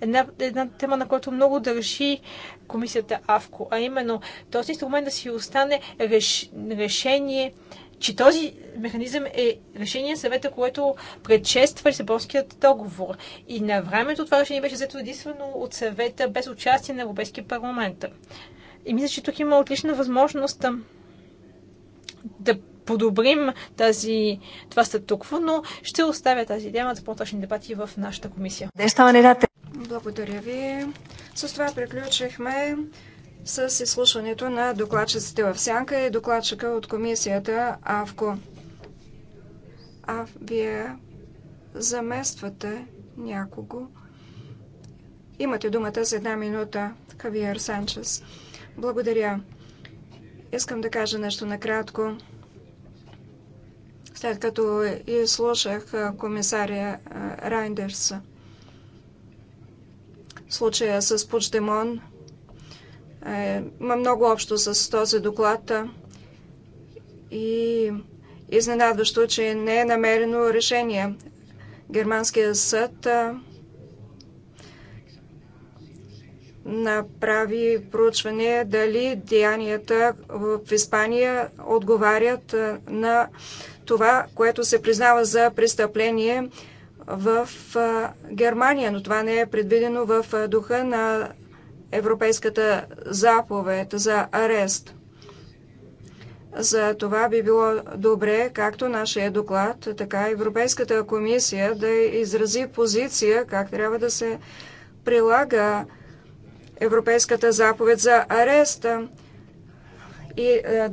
Speaker 3: Една, една тема, на която много държи комисията АВКО, а именно този инструмент да си остане реш, решение че този механизъм е решение на съвета, което предшества Лисабонският договор. И на времето това решение беше взето единствено от съвета без участие на Европейския парламент. И мисля, че тук има отлична възможност да подобрим тази, това статукво, но ще оставя тази тема за по-точни дебати в нашата комисия.
Speaker 1: Благодаря ви. С това приключихме с изслушването на докладчиците в Сянка и докладчика от комисията АВКО. А вие замествате някого. Имате думата за една минута, Хавиер Санчес. Благодаря. Искам да кажа нещо накратко. След като и слушах комисаря Райндерс, случая с Пучдемон, е, има много общо с този доклад и изненадващо, че не е намерено решение. Германският съд е, направи проучване дали деянията в Испания отговарят е, на това, което се признава за престъпление в Германия, но това не е предвидено в духа на европейската заповед за арест. За това би било добре, както нашия доклад, така и Европейската комисия да изрази позиция как трябва да се прилага Европейската заповед за ареста и е,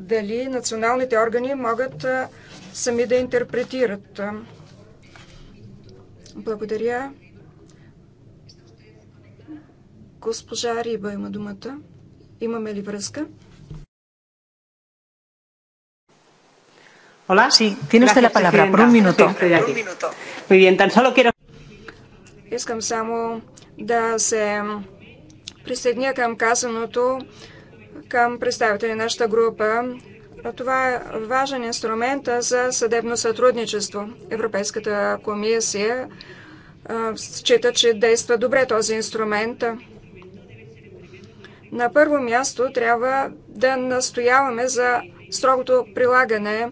Speaker 1: дали националните органи могат е, сами да интерпретират. Благодаря. Госпожа Риба има думата. Имаме ли връзка? Hola, sí, tiene usted la palabra por un minuto.
Speaker 3: Muy bien, tan solo quiero...
Speaker 1: Искам само да се присъединя към казаното към представители на нашата група. Това е важен инструмент за съдебно сътрудничество. Европейската комисия счита, че действа добре този инструмент. На първо място трябва да настояваме за строгото прилагане,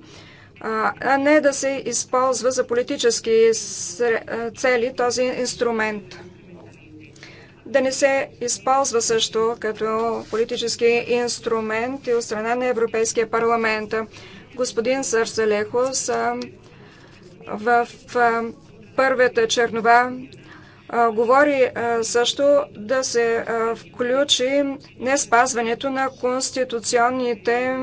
Speaker 1: а не да се използва за политически цели този инструмент. Да не се използва също като политически инструмент и от страна на Европейския парламент. Господин Сърселехос в първата чернова говори също да се включи не спазването на конституционните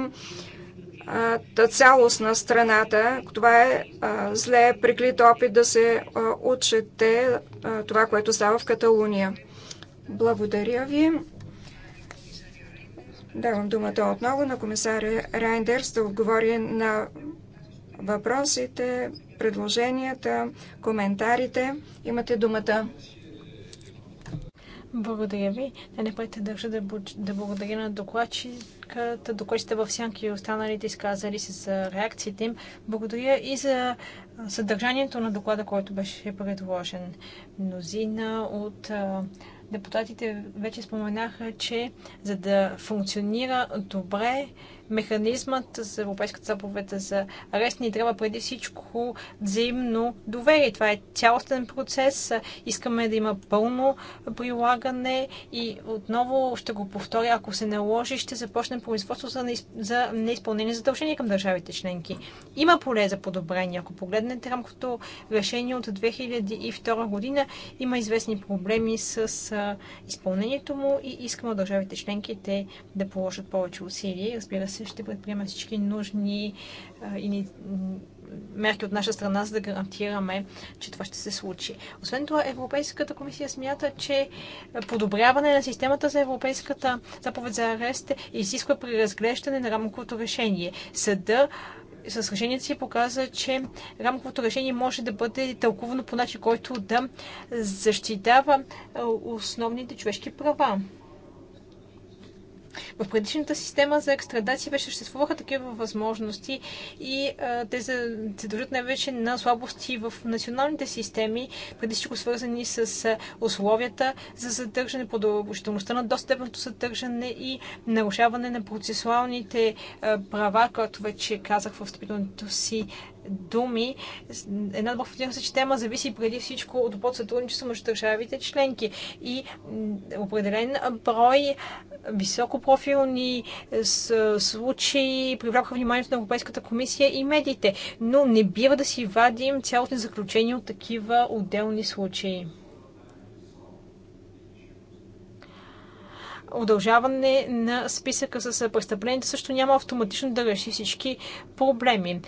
Speaker 1: цялост на страната. Това е зле приклит опит да се отчете това, което става в Каталуния. Благодаря ви. Давам думата отново на комисаря Райндерс да отговори на въпросите, предложенията, коментарите. Имате думата.
Speaker 3: Благодаря ви. не пъйте държа да, да благодаря на докладчиката, докладчите в сянки и останалите изказали се за реакциите им. Благодаря и за съдържанието на доклада, който беше предложен. Мнозина от депутатите вече споменаха, че за да функционира добре механизмът за Европейската заповед за арест ни трябва преди всичко взаимно доверие. Това е цялостен процес. Искаме да има пълно прилагане и отново ще го повторя, ако се наложи, ще започнем производство за, неизпълнение задължения към държавите членки. Има поле за подобрение. Ако погледнете рамкото решение от 2002 година, има известни проблеми с изпълнението му и искаме от държавите членки те да положат повече усилия. Разбира се, се ще предприема всички нужни и мерки от наша страна, за да гарантираме, че това ще се случи. Освен това, Европейската комисия смята, че подобряване на системата за Европейската заповед за арест изисква при разглеждане на рамковото решение. Съда с решението си показа, че рамковото решение може да бъде тълкувано по начин, който да защитава основните човешки права. В предишната система за екстрадация вече съществуваха такива възможности и а, те се дължат най-вече на слабости в националните системи, преди всичко свързани с условията за задържане, продължителността на достъпното задържане и нарушаване на процесуалните права, което вече казах в встъпителното си думи, една добра функционираща система зависи преди всичко от доброто сътрудничество между държавите членки и определен брой високопрофилни е, е, случаи привлякоха вниманието на Европейската комисия и медиите, но не бива да си вадим цялото заключение от такива отделни случаи. удължаване на списъка с престъпленията също няма автоматично да реши всички проблеми.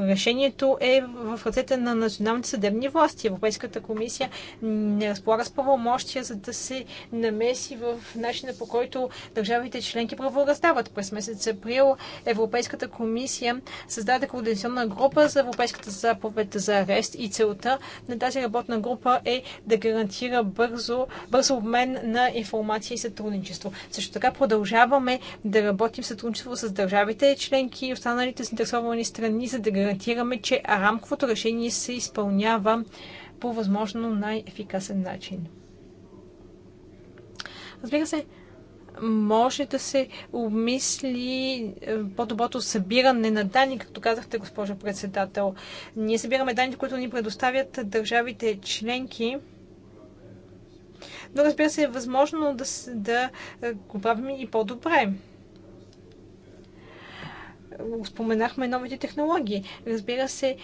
Speaker 3: Решението е в ръцете на националните съдебни власти. Европейската комисия не разполага с правомощия, за да се намеси в начина по който държавите членки правораздават. През месец април Европейската комисия създаде координационна група за Европейската заповед за арест и целта на тази работна група е да гарантира бързо, обмен на информация и сътрудничество сътрудничество. Също така продължаваме да работим в сътрудничество с държавите членки и останалите заинтересовани страни, за да гарантираме, че рамковото решение се изпълнява по възможно най-ефикасен начин. Разбира се, може да се обмисли е, по-доброто събиране на данни, както казахте, госпожо председател. Ние събираме данни, които ни предоставят държавите членки но разбира се е възможно да, да го правим и по-добре споменахме новите технологии. Разбира се,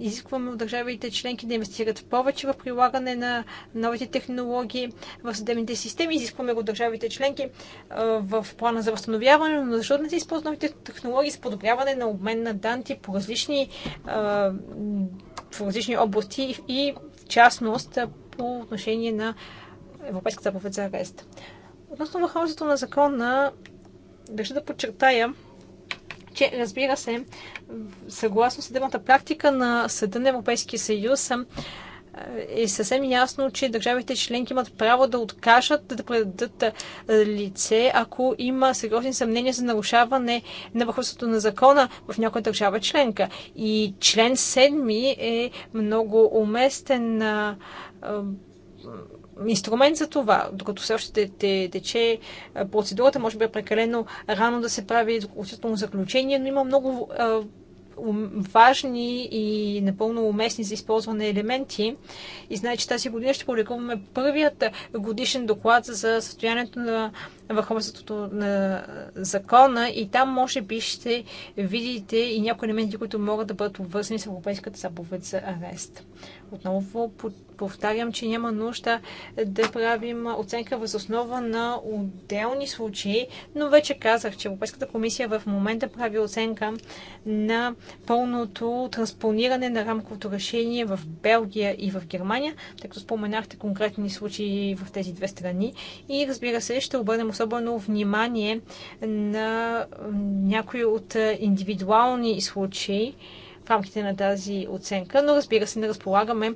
Speaker 3: изискваме от държавите членки да инвестират повече в прилагане на новите технологии в съдебните системи. Изискваме от държавите членки в плана за възстановяване, но защото не се използват новите технологии с подобряване на обмен на данти по различни, в различни области и в частност по отношение на Европейската заповед за арест. Относно върховенството на закона, държа да подчертая, че разбира се, съгласно съдебната практика на Съда на Европейския съюз, е, е съвсем ясно, че държавите членки имат право да откажат да предадат е, лице, ако има сериозни съмнения за нарушаване на върховството на закона в някоя държава членка. И член 7 е много уместен е, инструмент за това, докато все още те, тече процедурата, може би е прекалено рано да се прави окончателно заключение, но има много важни и напълно уместни за използване елементи. И знае, че тази година ще публикуваме първият годишен доклад за състоянието на върховенството на закона и там може би ще видите и някои елементи, които могат да бъдат обвързани с Европейската заповед за арест. Отново повтарям, че няма нужда да правим оценка въз основа на отделни случаи, но вече казах, че Европейската комисия в момента прави оценка на пълното транспониране на рамковото решение в Белгия и в Германия, тъй като споменахте конкретни случаи в тези две страни. И разбира се, ще обърнем особено внимание на някои от индивидуални случаи, в рамките на тази оценка, но разбира се, не разполагаме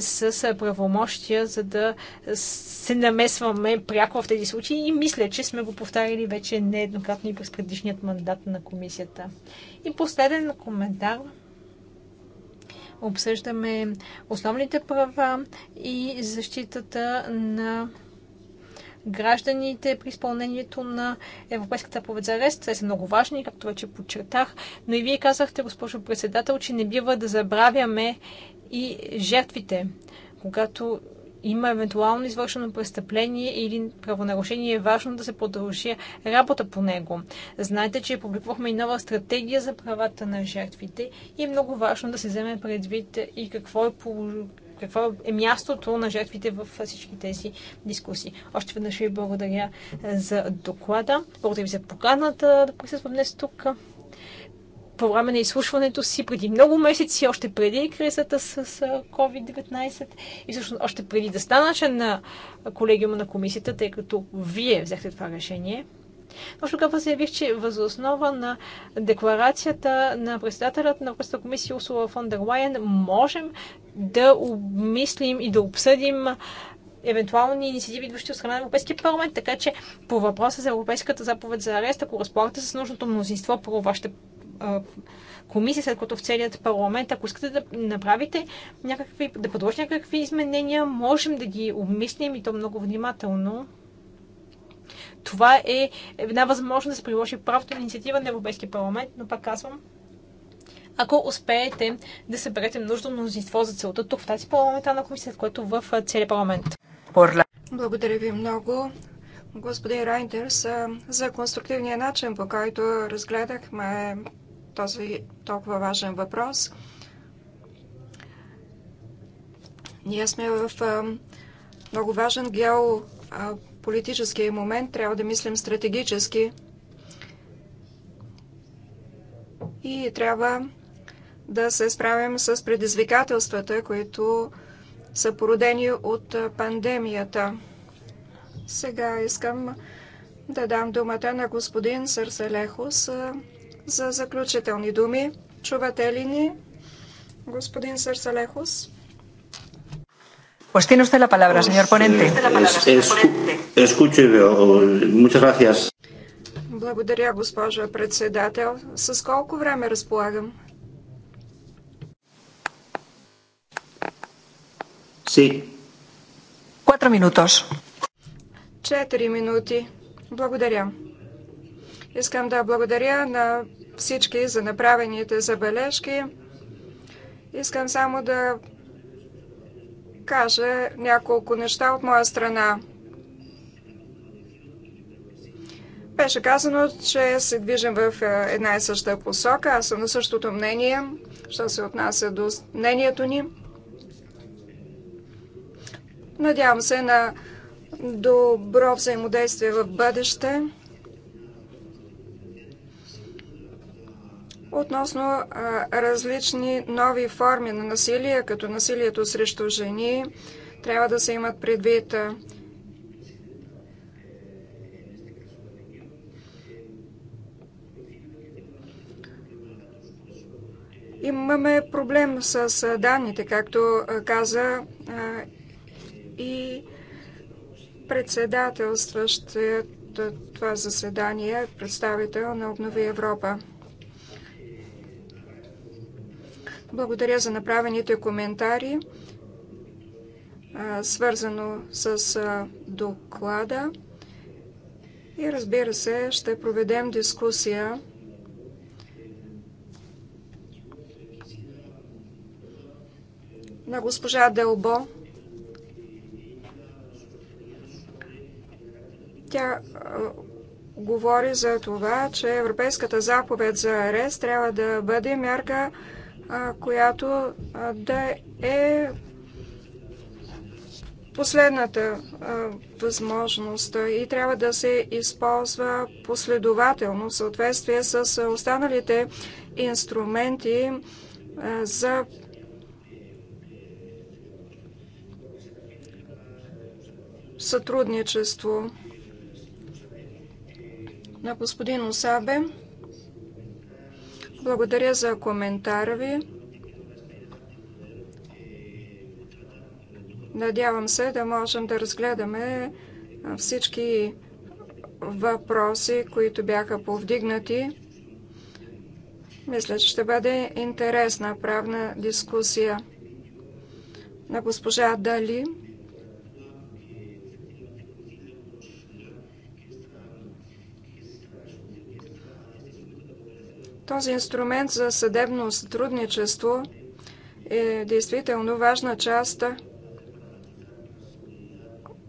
Speaker 3: с правомощия, за да се намесваме пряко в тези случаи и мисля, че сме го повтарили вече нееднократно и през предишният мандат на комисията. И последен коментар обсъждаме основните права и защитата на гражданите при изпълнението на Европейската заповед за арест. Те са много важни, както вече подчертах. Но и вие казахте, госпожо председател, че не бива да забравяме и жертвите. Когато има евентуално извършено престъпление или правонарушение, е важно да се продължи работа по него. Знаете, че публикувахме и нова стратегия за правата на жертвите и е много важно да се вземе предвид и какво е какво е мястото на жертвите в всички тези дискусии. Още веднъж ви благодаря за доклада. Благодаря ви за поканата да присъствам днес тук. По време на изслушването си преди много месеци, още преди кризата с COVID-19 и всъщност още преди да стана член на колегиума на комисията, тъй като вие взехте това решение, точно тогава заявих, че възоснова на декларацията на председателят на Европейската комисия Усула фон дер Лайен можем да обмислим и да обсъдим евентуални инициативи, идващи от страна на Европейския парламент. Така че по въпроса за Европейската заповед за арест, ако разполагате с нужното мнозинство по вашата комисия, след като в целият парламент, ако искате да направите някакви, да подложите някакви изменения, можем да ги обмислим и то много внимателно. Това е една възможност да се приложи правото на инициатива на Европейския парламент, но пак казвам, ако успеете да съберете нужно мнозинство за целта тук в тази парламентарна комисия, което в целия парламент.
Speaker 1: Благодаря ви много, господин Райндерс, за конструктивния начин, по който разгледахме този толкова важен въпрос. Ние сме в много важен гео политическия момент трябва да мислим стратегически и трябва да се справим с предизвикателствата, които са породени от пандемията. Сега искам да дам думата на господин Сърселехос за заключителни думи. Чувате ли ни, господин Сърселехос? Pues tiene usted la palabra, pues, eh, señor ponente. Escucho y eh, veo. Muchas gracias. Благодаря, госпожа председател. С колко време разполагам? Си. Cuatro minutos. Четири минути. Благодаря. Искам да благодаря на всички за направените забележки. Искам само да кажа няколко неща от моя страна. Беше казано, че се движим в е, една и съща посока. Аз съм на същото мнение, що се отнася до мнението ни. Надявам се на добро взаимодействие в бъдеще. относно различни нови форми на насилие, като насилието срещу жени, трябва да се имат предвид. Имаме проблем с данните, както каза и председателстващият това заседание, представител на Обнови Европа. Благодаря за направените коментари, свързано с доклада. И разбира се, ще проведем дискусия на госпожа Делбо. Тя говори за това, че Европейската заповед за арест трябва да бъде мярка която да е последната възможност и трябва да се използва последователно в съответствие с останалите инструменти за сътрудничество на господин Осабе. Благодаря за коментара ви. Надявам се да можем да разгледаме всички въпроси, които бяха повдигнати. Мисля, че ще бъде интересна правна дискусия на госпожа Дали. Този инструмент за съдебно сътрудничество е действително важна част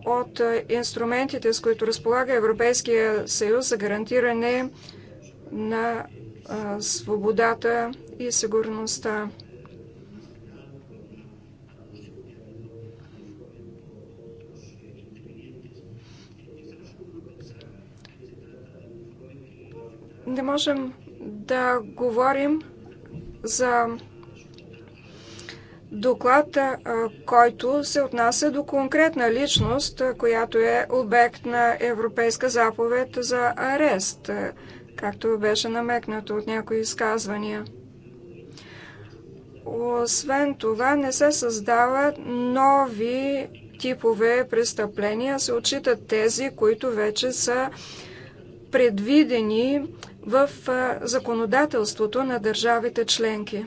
Speaker 1: от инструментите, с които разполага Европейския съюз за гарантиране на свободата и сигурността. Не можем да говорим за доклад, който се отнася до конкретна личност, която е обект на Европейска заповед за арест, както беше намекнато от някои изказвания. Освен това, не се създават нови типове престъпления, се отчитат тези, които вече са предвидени в законодателството на държавите членки.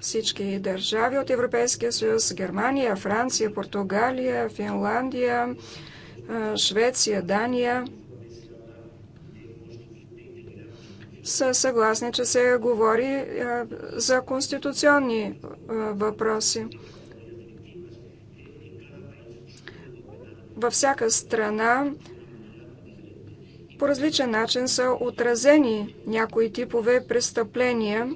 Speaker 1: Всички държави от Европейския съюз Германия, Франция, Португалия, Финландия, Швеция, Дания са съгласни, че се говори за конституционни въпроси. Във всяка страна по различен начин са отразени някои типове престъпления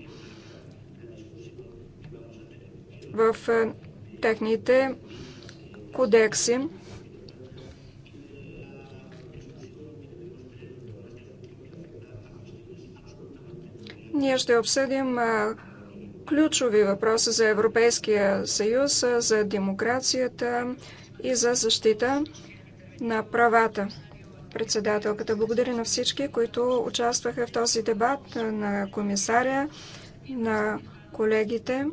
Speaker 1: в е, техните кодекси. Ние ще обсъдим е, ключови въпроси за Европейския съюз, е, за демокрацията и за защита на правата председателката. Благодаря на всички, които участваха в този дебат, на комисаря, на колегите.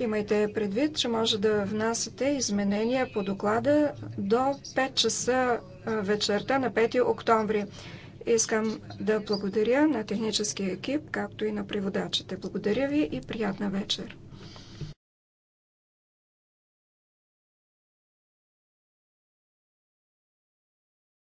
Speaker 1: Имайте предвид, че може да внасяте изменения по доклада до 5 часа вечерта на 5 октомври. Искам да благодаря на техническия екип, както и на преводачите. Благодаря ви и приятна вечер!